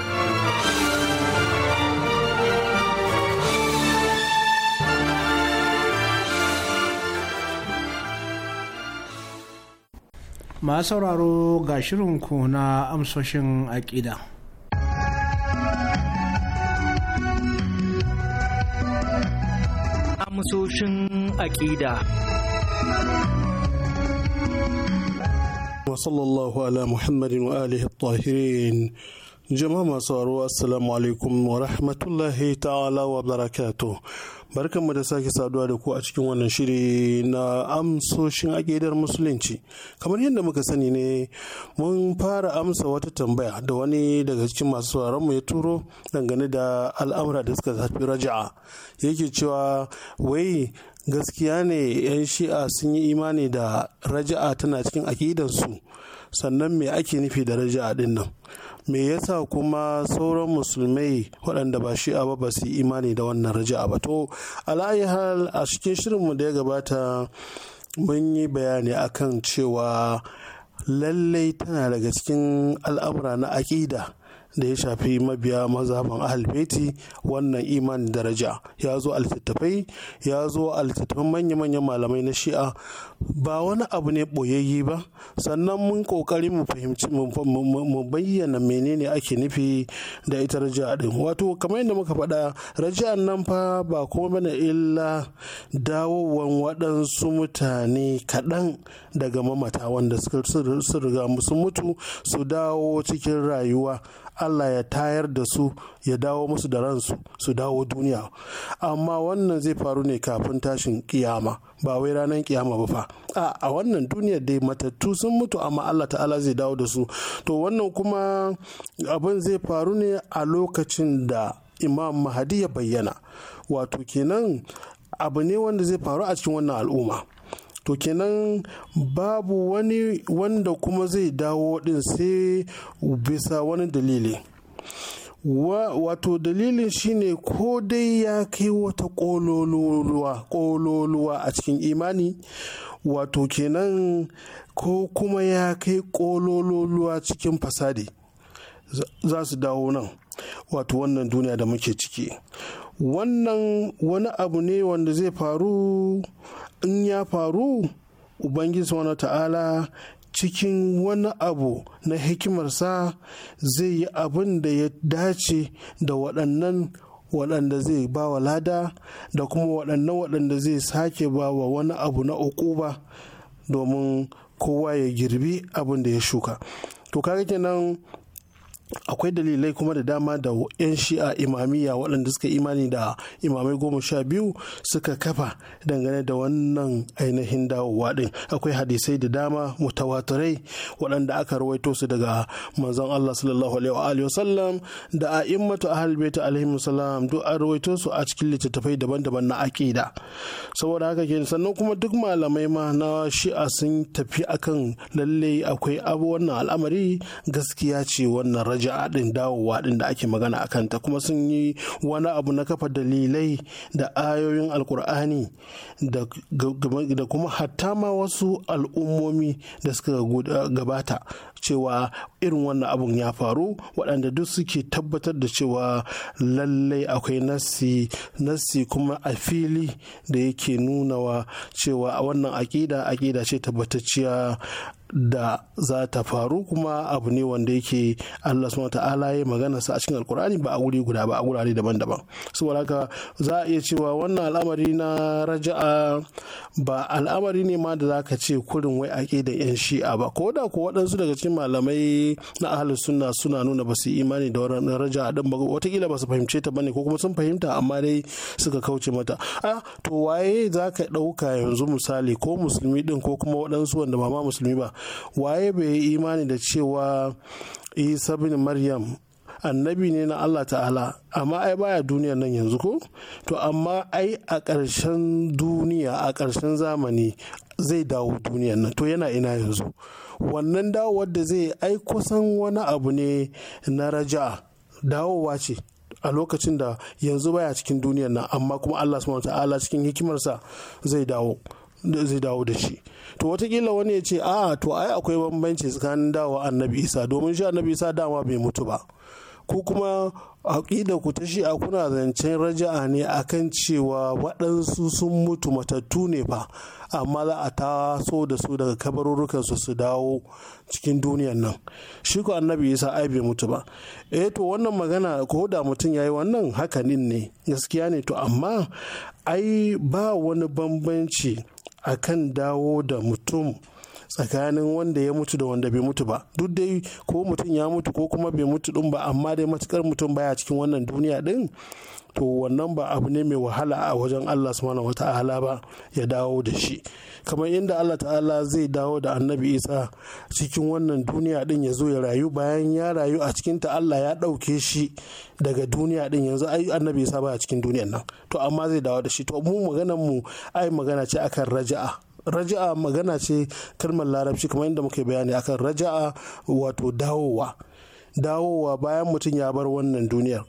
masu sauraro ga shirinku na amsoshin aƙida. Amsoshin aƙida. وصلى الله على محمد وآله الطاهرين جماعة صاروا السلام عليكم ورحمة الله تعالى وبركاته barkanmu da sake saduwa da ku a cikin wannan shiri na amsoshin aƙidar musulunci kamar yadda muka sani ne mun fara amsa wata tambaya da wani daga cikin masu mu ya turo dangane da al'amura da suka zafi raja'a yake cewa wai gaskiya ne 'yan shi'a sun yi imani da raja'a tana cikin aƙidansu sannan me ake nufi da raja'a din me yasa kuma sauran musulmai waɗanda ba shi'a ba ba su imani da wannan raja'a ba to alayi hal a cikin shirinmu da ya gabata mun yi bayani akan cewa lallai tana daga cikin al'amura na aƙida da ya shafi mabiya mazhaban ahalbeti wannan imanin daraja ya zo altattafai ya zo altattafan manya-manyan malamai na shi'a ba wani abu ne boyayye ba sannan mun kokari mu fahimci mu bayyana menene ake nufi da ita raja din wato kamar yadda muka faɗa raja'an nan fa ba kuma bane illa dawowan waɗansu mutane kaɗan daga mamata wanda suka riga musu mutu su dawo cikin rayuwa Allah ya tayar da su ya dawo musu da ransu su dawo duniya amma wannan zai faru ne kafin tashin kiyama ba wai ranar kiyama ba fa a wannan duniyar dai matattu sun mutu amma Allah ta'ala zai dawo da su to wannan kuma abin zai faru ne a lokacin da imam mahadi ya bayyana wato kenan abu ne wanda zai faru a cikin wannan al'umma to kenan babu wani wanda kuma zai dawo din sai bisa wani dalili wato dalilin shine ko dai ya kai wata kololuwa a cikin imani wato kenan ko kuma ya kai kololuwa cikin fasadi za su dawo nan wato wannan duniya da muke ciki wannan wani abu ne wanda zai faru in ya faru ubangiji wani ta'ala cikin wani abu na hikimarsa zai yi abin da ya dace da waɗannan waɗanda zai ba wa lada da kuma waɗannan waɗanda zai sake ba wa wani abu na ba domin kowa ya girbi abin da ya shuka to kaga kenan akwai dalilai kuma da dama da 'yan shi'a imamiya waɗanda suka imani da imamai goma sha biyu suka kafa dangane da wannan ainihin dawowa ɗin akwai hadisai da dama mutawatirai waɗanda aka rawaito su daga manzon Allah sallallahu alaihi wa sallam da a'immatu ahlul bait alaihi salam duk an rawaito su a cikin littattafai daban-daban na aƙida saboda haka ke sannan kuma duk malamai ma na shi'a sun tafi akan lalle akwai abu wannan al'amari gaskiya ce wannan raja'a dawowa din da ake magana a kanta kuma sun yi wani abu na kafa dalilai da ayoyin alkur'ani da kuma hatta ma wasu al'ummomi da suka gabata cewa irin wannan abun ya faru waɗanda duk suke tabbatar da cewa lallai akwai nassi nassi kuma a fili da yake nunawa cewa a wannan aƙida aƙida ce tabbatacciya da za ta faru kuma abu ne wanda yake Allah subhanahu ta'ala ya magana sa a cikin alkur'ani ba a wuri guda ba a wurare daban-daban saboda haka za a iya cewa wannan al'amari na raja'a ba al'amari ne ma da za ka ce kurin wai ake da yan shi'a ba ko da ko waɗansu daga cikin malamai na ahalin sunna suna nuna ba su imani da wani raja a ba watakila ba su fahimce ta bane ko kuma sun fahimta amma dai suka kauce mata a to waye za ka ɗauka yanzu misali ko musulmi din ko kuma waɗansu wanda ba ma musulmi ba waye bai yi imani da cewa isa bin maryam annabi ne na Allah ta'ala amma ai baya duniya nan yanzu ko to amma ai a ƙarshen duniya a ƙarshen zamani zai dawo duniyar nan to yana ina yanzu wannan dawowar da zai ai kusan wani abu ne na raja dawowa ce a lokacin da yanzu baya cikin duniyar nan amma kuma Allah subhanahu ta'ala cikin hikimarsa zai dawo zai dawo da shi to watakila wani ya ce a to ai akwai bambanci tsakanin dawo annabi isa domin shi annabi isa dama bai mutu ba ko kuma aƙidar ku ta shi'a kuna zancen raja'a ne akan cewa waɗansu sun mutu matattu ne fa amma za a taso da su daga kabarurukansu su dawo cikin duniyan nan shi ko annabi isa ai bai mutu ba eh to wannan magana ko da mutum yayi wannan hakanin ne gaskiya ne to amma ai ba wani bambanci akan dawo da mutum tsakanin wanda ya mutu da wanda bai mutu ba duk dai ko mutum ya mutu ko kuma bai mutu din ba amma dai matukar mutum baya cikin wannan duniya din to wannan ba abu ne mai wahala a wajen Allah subhanahu wata'ala ba ya dawo da shi kamar inda Allah ta'ala zai dawo da annabi Isa cikin wannan duniya din ya zo ya rayu bayan ya rayu a cikin ta Allah ya ɗauke shi daga duniya din yanzu ai annabi Isa ba a cikin duniyan nan to amma zai dawo da shi to mu maganar mu ai magana ce akan raja'a raja'a magana ce kalmar larabci kamar inda muke bayani akan raja'a wato dawowa dawowa bayan mutum ya bar wannan duniyar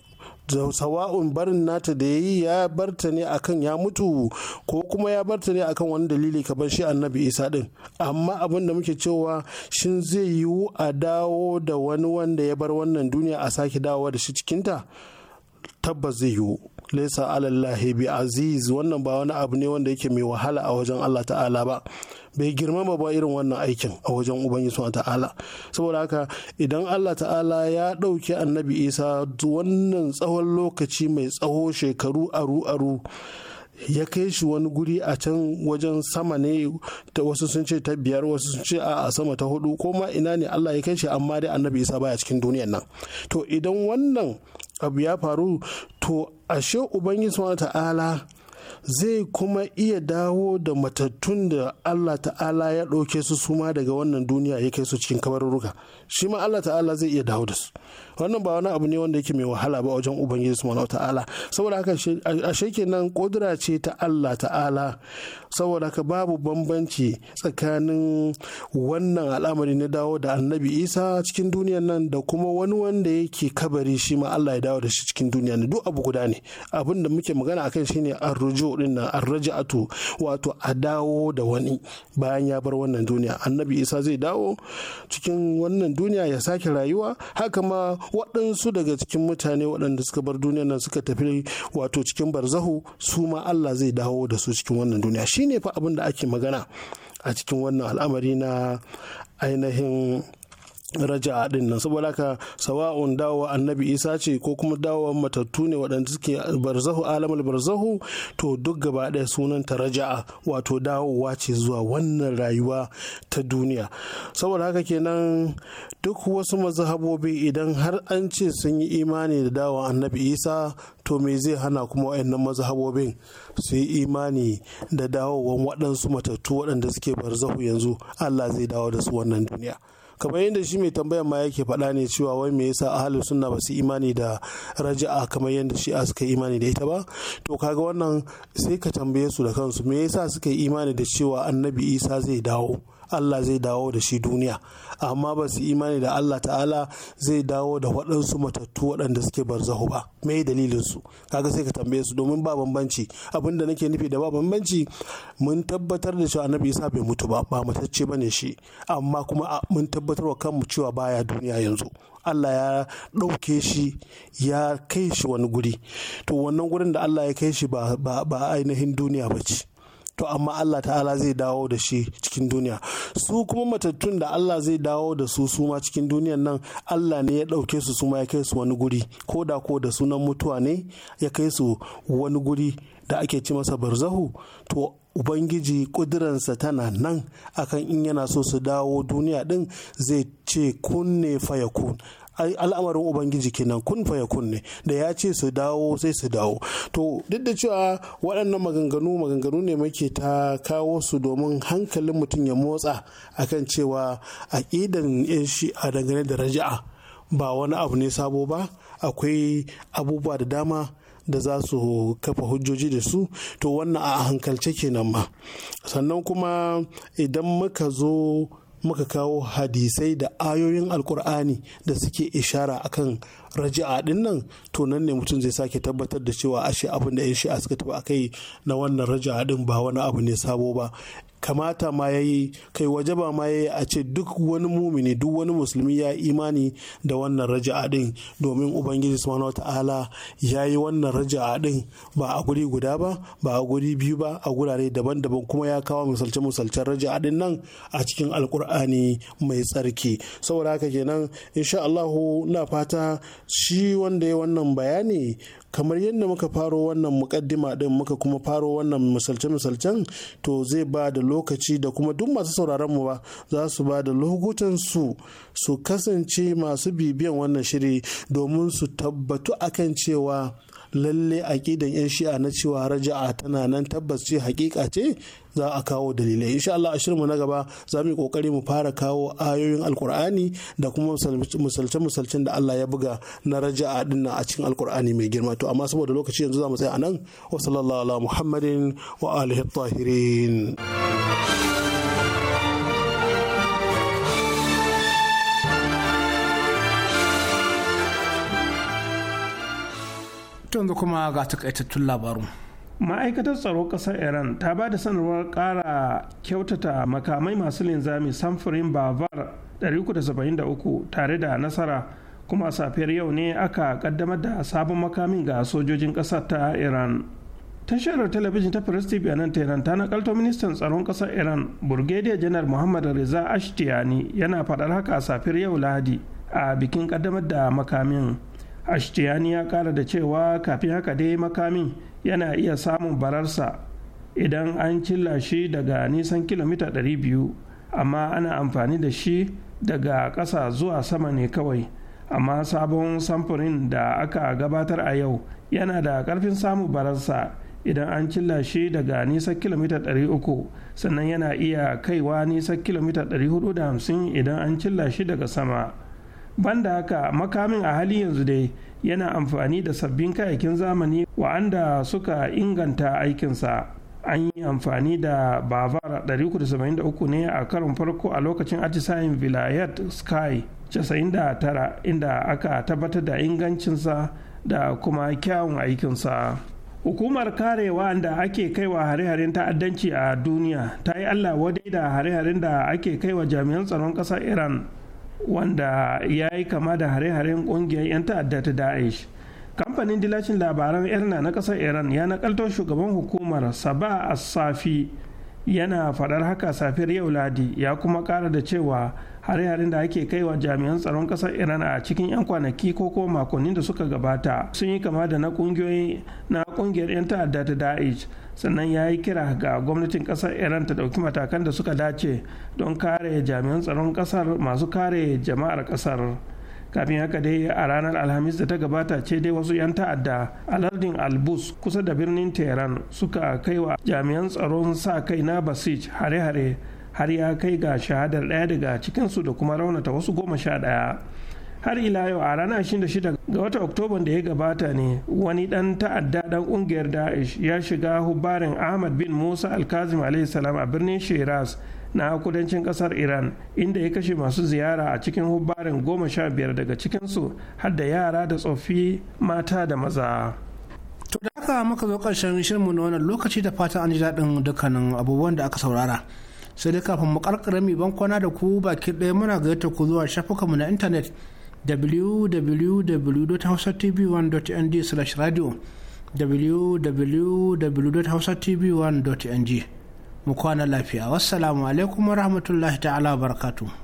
sawa'un barin nata da ya yi ya barta ne akan ya mutu ko kuma ya barta ne akan wani dalili kamar shi annabi isa din amma abin da muke cewa shin zai yiwu a dawo da wani wanda ya bar wannan duniya a sake dawo da shi cikinta tabbas zai yiwu laisa alallahi bi aziz wannan ba wani abu ne wanda yake mai wahala a wajen Allah ta'ala ba bai girmama ba irin wannan aikin a wajen ubangiji wa ta'ala saboda haka idan Allah ta'ala ya ɗauki annabi isa wannan tsawon lokaci mai tsawo shekaru aru aru ya kai shi wani guri a can wajen sama ne ta wasu sun ce ta biyar wasu sun ce a sama ta hudu ko ma ina ne Allah ya kai shi amma dai annabi isa baya cikin duniyar nan to idan wannan abu ya faru to ashe ubangiji wa ta'ala zai kuma iya dawo da matattun da Allah ta'ala ya ɗauke su suma daga wannan duniya ya kai su cikin kabarurruka shi ma Allah ta'ala zai iya dawo da su wannan ba wani abu ne wanda yake mai wahala ba wajen ubangiji subhanahu ta'ala saboda haka sheke nan kudura ce ta Allah ta'ala saboda haka babu bambanci tsakanin wannan al'amari na dawo da annabi isa cikin duniyar nan da kuma wani wanda yake kabari shi ma Allah ya dawo da shi cikin duniya ne duk abu guda ne abin da muke magana akan shine arrujo din nan arraja'atu wato a dawo da wani bayan ya bar wannan duniya annabi isa zai dawo cikin wannan duniya ya sake rayuwa haka ma waɗansu daga cikin mutane waɗanda suka bar duniyar nan suka tafi wato cikin barzahu su ma Allah zai dawo da su cikin wannan duniya shine fa abin da ake magana a cikin wannan al'amari na ainihin raja'a din nan saboda haka sawa'un dawowa annabi isa ce ko kuma dawowa matattu ne waɗanda suke barzahu alamul barzahu to duk gaba ɗaya sunan ta raja'a wato dawowa ce zuwa wannan rayuwa ta duniya saboda haka kenan duk wasu mazhabobi idan har an ce sun yi imani da dawowa annabi isa to me zai hana kuma wayannan mazhabobin su yi imani da dawowa waɗansu matattu waɗanda suke barzahu yanzu allah zai dawo da su wannan duniya kamar yadda shi mai tambayan ma yake faɗa ne cewa wai me yasa ahlus sunna ba su imani da raja'a kamar yadda shi suka imani da ita ba to kaga wannan sai ka tambaye su da kansu me yasa suka yi imani da cewa annabi isa zai dawo Allah zai dawo da shi duniya amma ba su imani da Allah ta'ala zai dawo da waɗansu matattu waɗanda suke barzahu ba mai dalilin su kaga sai ka tambaye su domin ba bambanci abin da nake nufi da ba bambanci mun tabbatar da cewa annabi Isa bai mutu ba ba matacce bane shi amma kuma mun tabbatar wa kanmu cewa baya duniya yanzu Allah ya ɗauke shi ya kai shi wani guri to wannan gurin da Allah ya kai shi ba ainihin duniya ba ce to amma Allah ta'ala zai dawo da shi cikin duniya su kuma matattun da Allah zai dawo da su su ma cikin duniyan nan Allah ne ya ɗauke su su ma ya kai su wani guri ko da ko da sunan mutuwa ne ya kai su wani guri da ake ci masa barzahu to ubangiji kudiransa tana nan akan in yana so su dawo duniya din zai ce kunne fayakun al'amarin ubangiji kenan kun faya ya kunne da ya ce su dawo sai su dawo to duk da cewa waɗannan maganganu maganganu ne muke ta kawo su domin hankalin mutum ya motsa akan cewa aƙidan yan shi a dangane da raja'a ba wani abu ne sabo ba akwai abubuwa da dama da za su kafa hujjoji da su to wannan a hankalce kenan ma sannan kuma idan muka zo muka kawo hadisai da ayoyin alkur'ani da suke ishara akan raji'a din nan to nan ne mutum zai sake tabbatar da cewa ashe abin da ya shi suka tafi akai na wannan raja'a din ba wani abu ne sabo ba kamata ma ya yi kai waje ba ma ya yi a ce duk wani mumini duk wani musulmi ya yi imani da wannan raja'a din domin ubangiji subhanahu ta'ala ya yi wannan raja'a din ba a guri guda ba ba a guri biyu ba a gurare daban-daban kuma ya kawo misalce-misalcen raja'a din nan a cikin alkur'ani mai tsarki saboda haka kenan insha Allahu na fata shi wanda ya wannan bayani kamar yadda muka faro wannan mukaddima din muka kuma faro wannan misalce-misalcen to zai ba da lokaci da kuma duk masu sauraron mu ba za su ba da lokutan su su kasance masu bibiyan wannan shiri domin su tabbatu akan cewa lalle aƙidan 'yan shi'a na cewa raja'a tana nan tabbas ce hakika ce za a kawo dalilai insha Allah a mu na gaba za mu yi kokari mu fara kawo ayoyin alkur'ani da kuma misalce misalcen da Allah ya buga na a dinna a cikin alkur'ani mai girma to amma saboda lokaci yanzu za mu tsaya anan wa sallallahu ala muhammadin wa alihi tahirin yanzu kuma ga takaitattun labaru ma'aikatar tsaro ƙasar iran ta ba da sanarwar ƙara kyautata makamai masu linzami samfurin bavar 373 tare da nasara kuma safiyar yau ne aka kaddamar da sabon makamin ga sojojin ƙasar ta iran tashar talabijin ta press tv a nan tehran ta nakalto ministan tsaron ƙasar iran burgediya janar muhammad reza ashtiyani yana faɗar haka safiyar yau lahadi a bikin kaddamar da makamin ashtiyani ya ƙara da cewa kafin haka dai makamin yana iya samun bararsa idan an cilla shi daga nisan kilomita 200 amma ana amfani da shi daga ƙasa zuwa sama ne kawai amma sabon samfurin da aka gabatar a yau yana da ƙarfin samun bararsa idan an cilla shi daga nisan kilomita 300 sannan yana iya kaiwa nisan kilomita 450 idan an cilla shi daga sama. banda haka makamin a hali yanzu dai yana amfani da sabbin kayakin zamani wa'anda suka inganta aikinsa an yi amfani da bavar 373 ne a karin farko a lokacin atisayin vilayet sky 99 inda aka tabbatar da ingancinsa da kuma kyawun aikinsa hukumar karewa da ake kaiwa hare-haren ta'addanci a duniya ta yi allah wadai da hare-haren da ake kaiwa jami'an tsaron ƙasar iran wanda ya yi kama da hare-haren ƙungiyar 'yan ta'adda ta da'ish kamfanin dilacin labaran irna na kasar iran ya nakalto shugaban hukumar saba safi yana faɗar haka safiyar yau ladi ya kuma kara da cewa hare-haren da ake kaiwa jami'an tsaron ƙasar iran a cikin 'yan kwanaki ko kuma makonnin da suka gabata sun yi kama da na ƙungiyar 'yan ta'adda ta da'ish sannan ya yi kira ga gwamnatin kasar iran ta ɗauki matakan da suka dace don kare jami'an tsaron kasar masu kare jama'ar kasar kafin haka dai a ranar alhamis da ta gabata ce dai wasu 'yan ta'adda a lardin albus kusa da birnin tehran suka kai wa jami'an tsaron sa kai na basij hare-hare har ya kai ga shahadar ɗaya daga cikinsu da kuma raunata wasu goma sha ɗaya har ila yau a ranar 26 ga watan oktoban da ya gabata ne wani dan ta'adda dan kungiyar da'ish ya shiga hubarin ahmad bin musa alkazim salam a birnin shiraz na kudancin kasar iran inda ya kashe masu ziyara a cikin hubarin goma sha biyar daga cikinsu har da yara da tsofi mata da maza to da aka maka zo karshen shirinmu na wannan lokaci da fatan an ji daɗin dukkanin abubuwan da aka saurara sai dai kafin mu karkare mi bankwana da ku baki ɗaya muna gayyata ku zuwa shafukanmu na intanet www.hausatv1.ng/radio www.hausatv1.ng mu kwana lafiya wassalamu alaikum warahmatullahi ta'ala barakatuh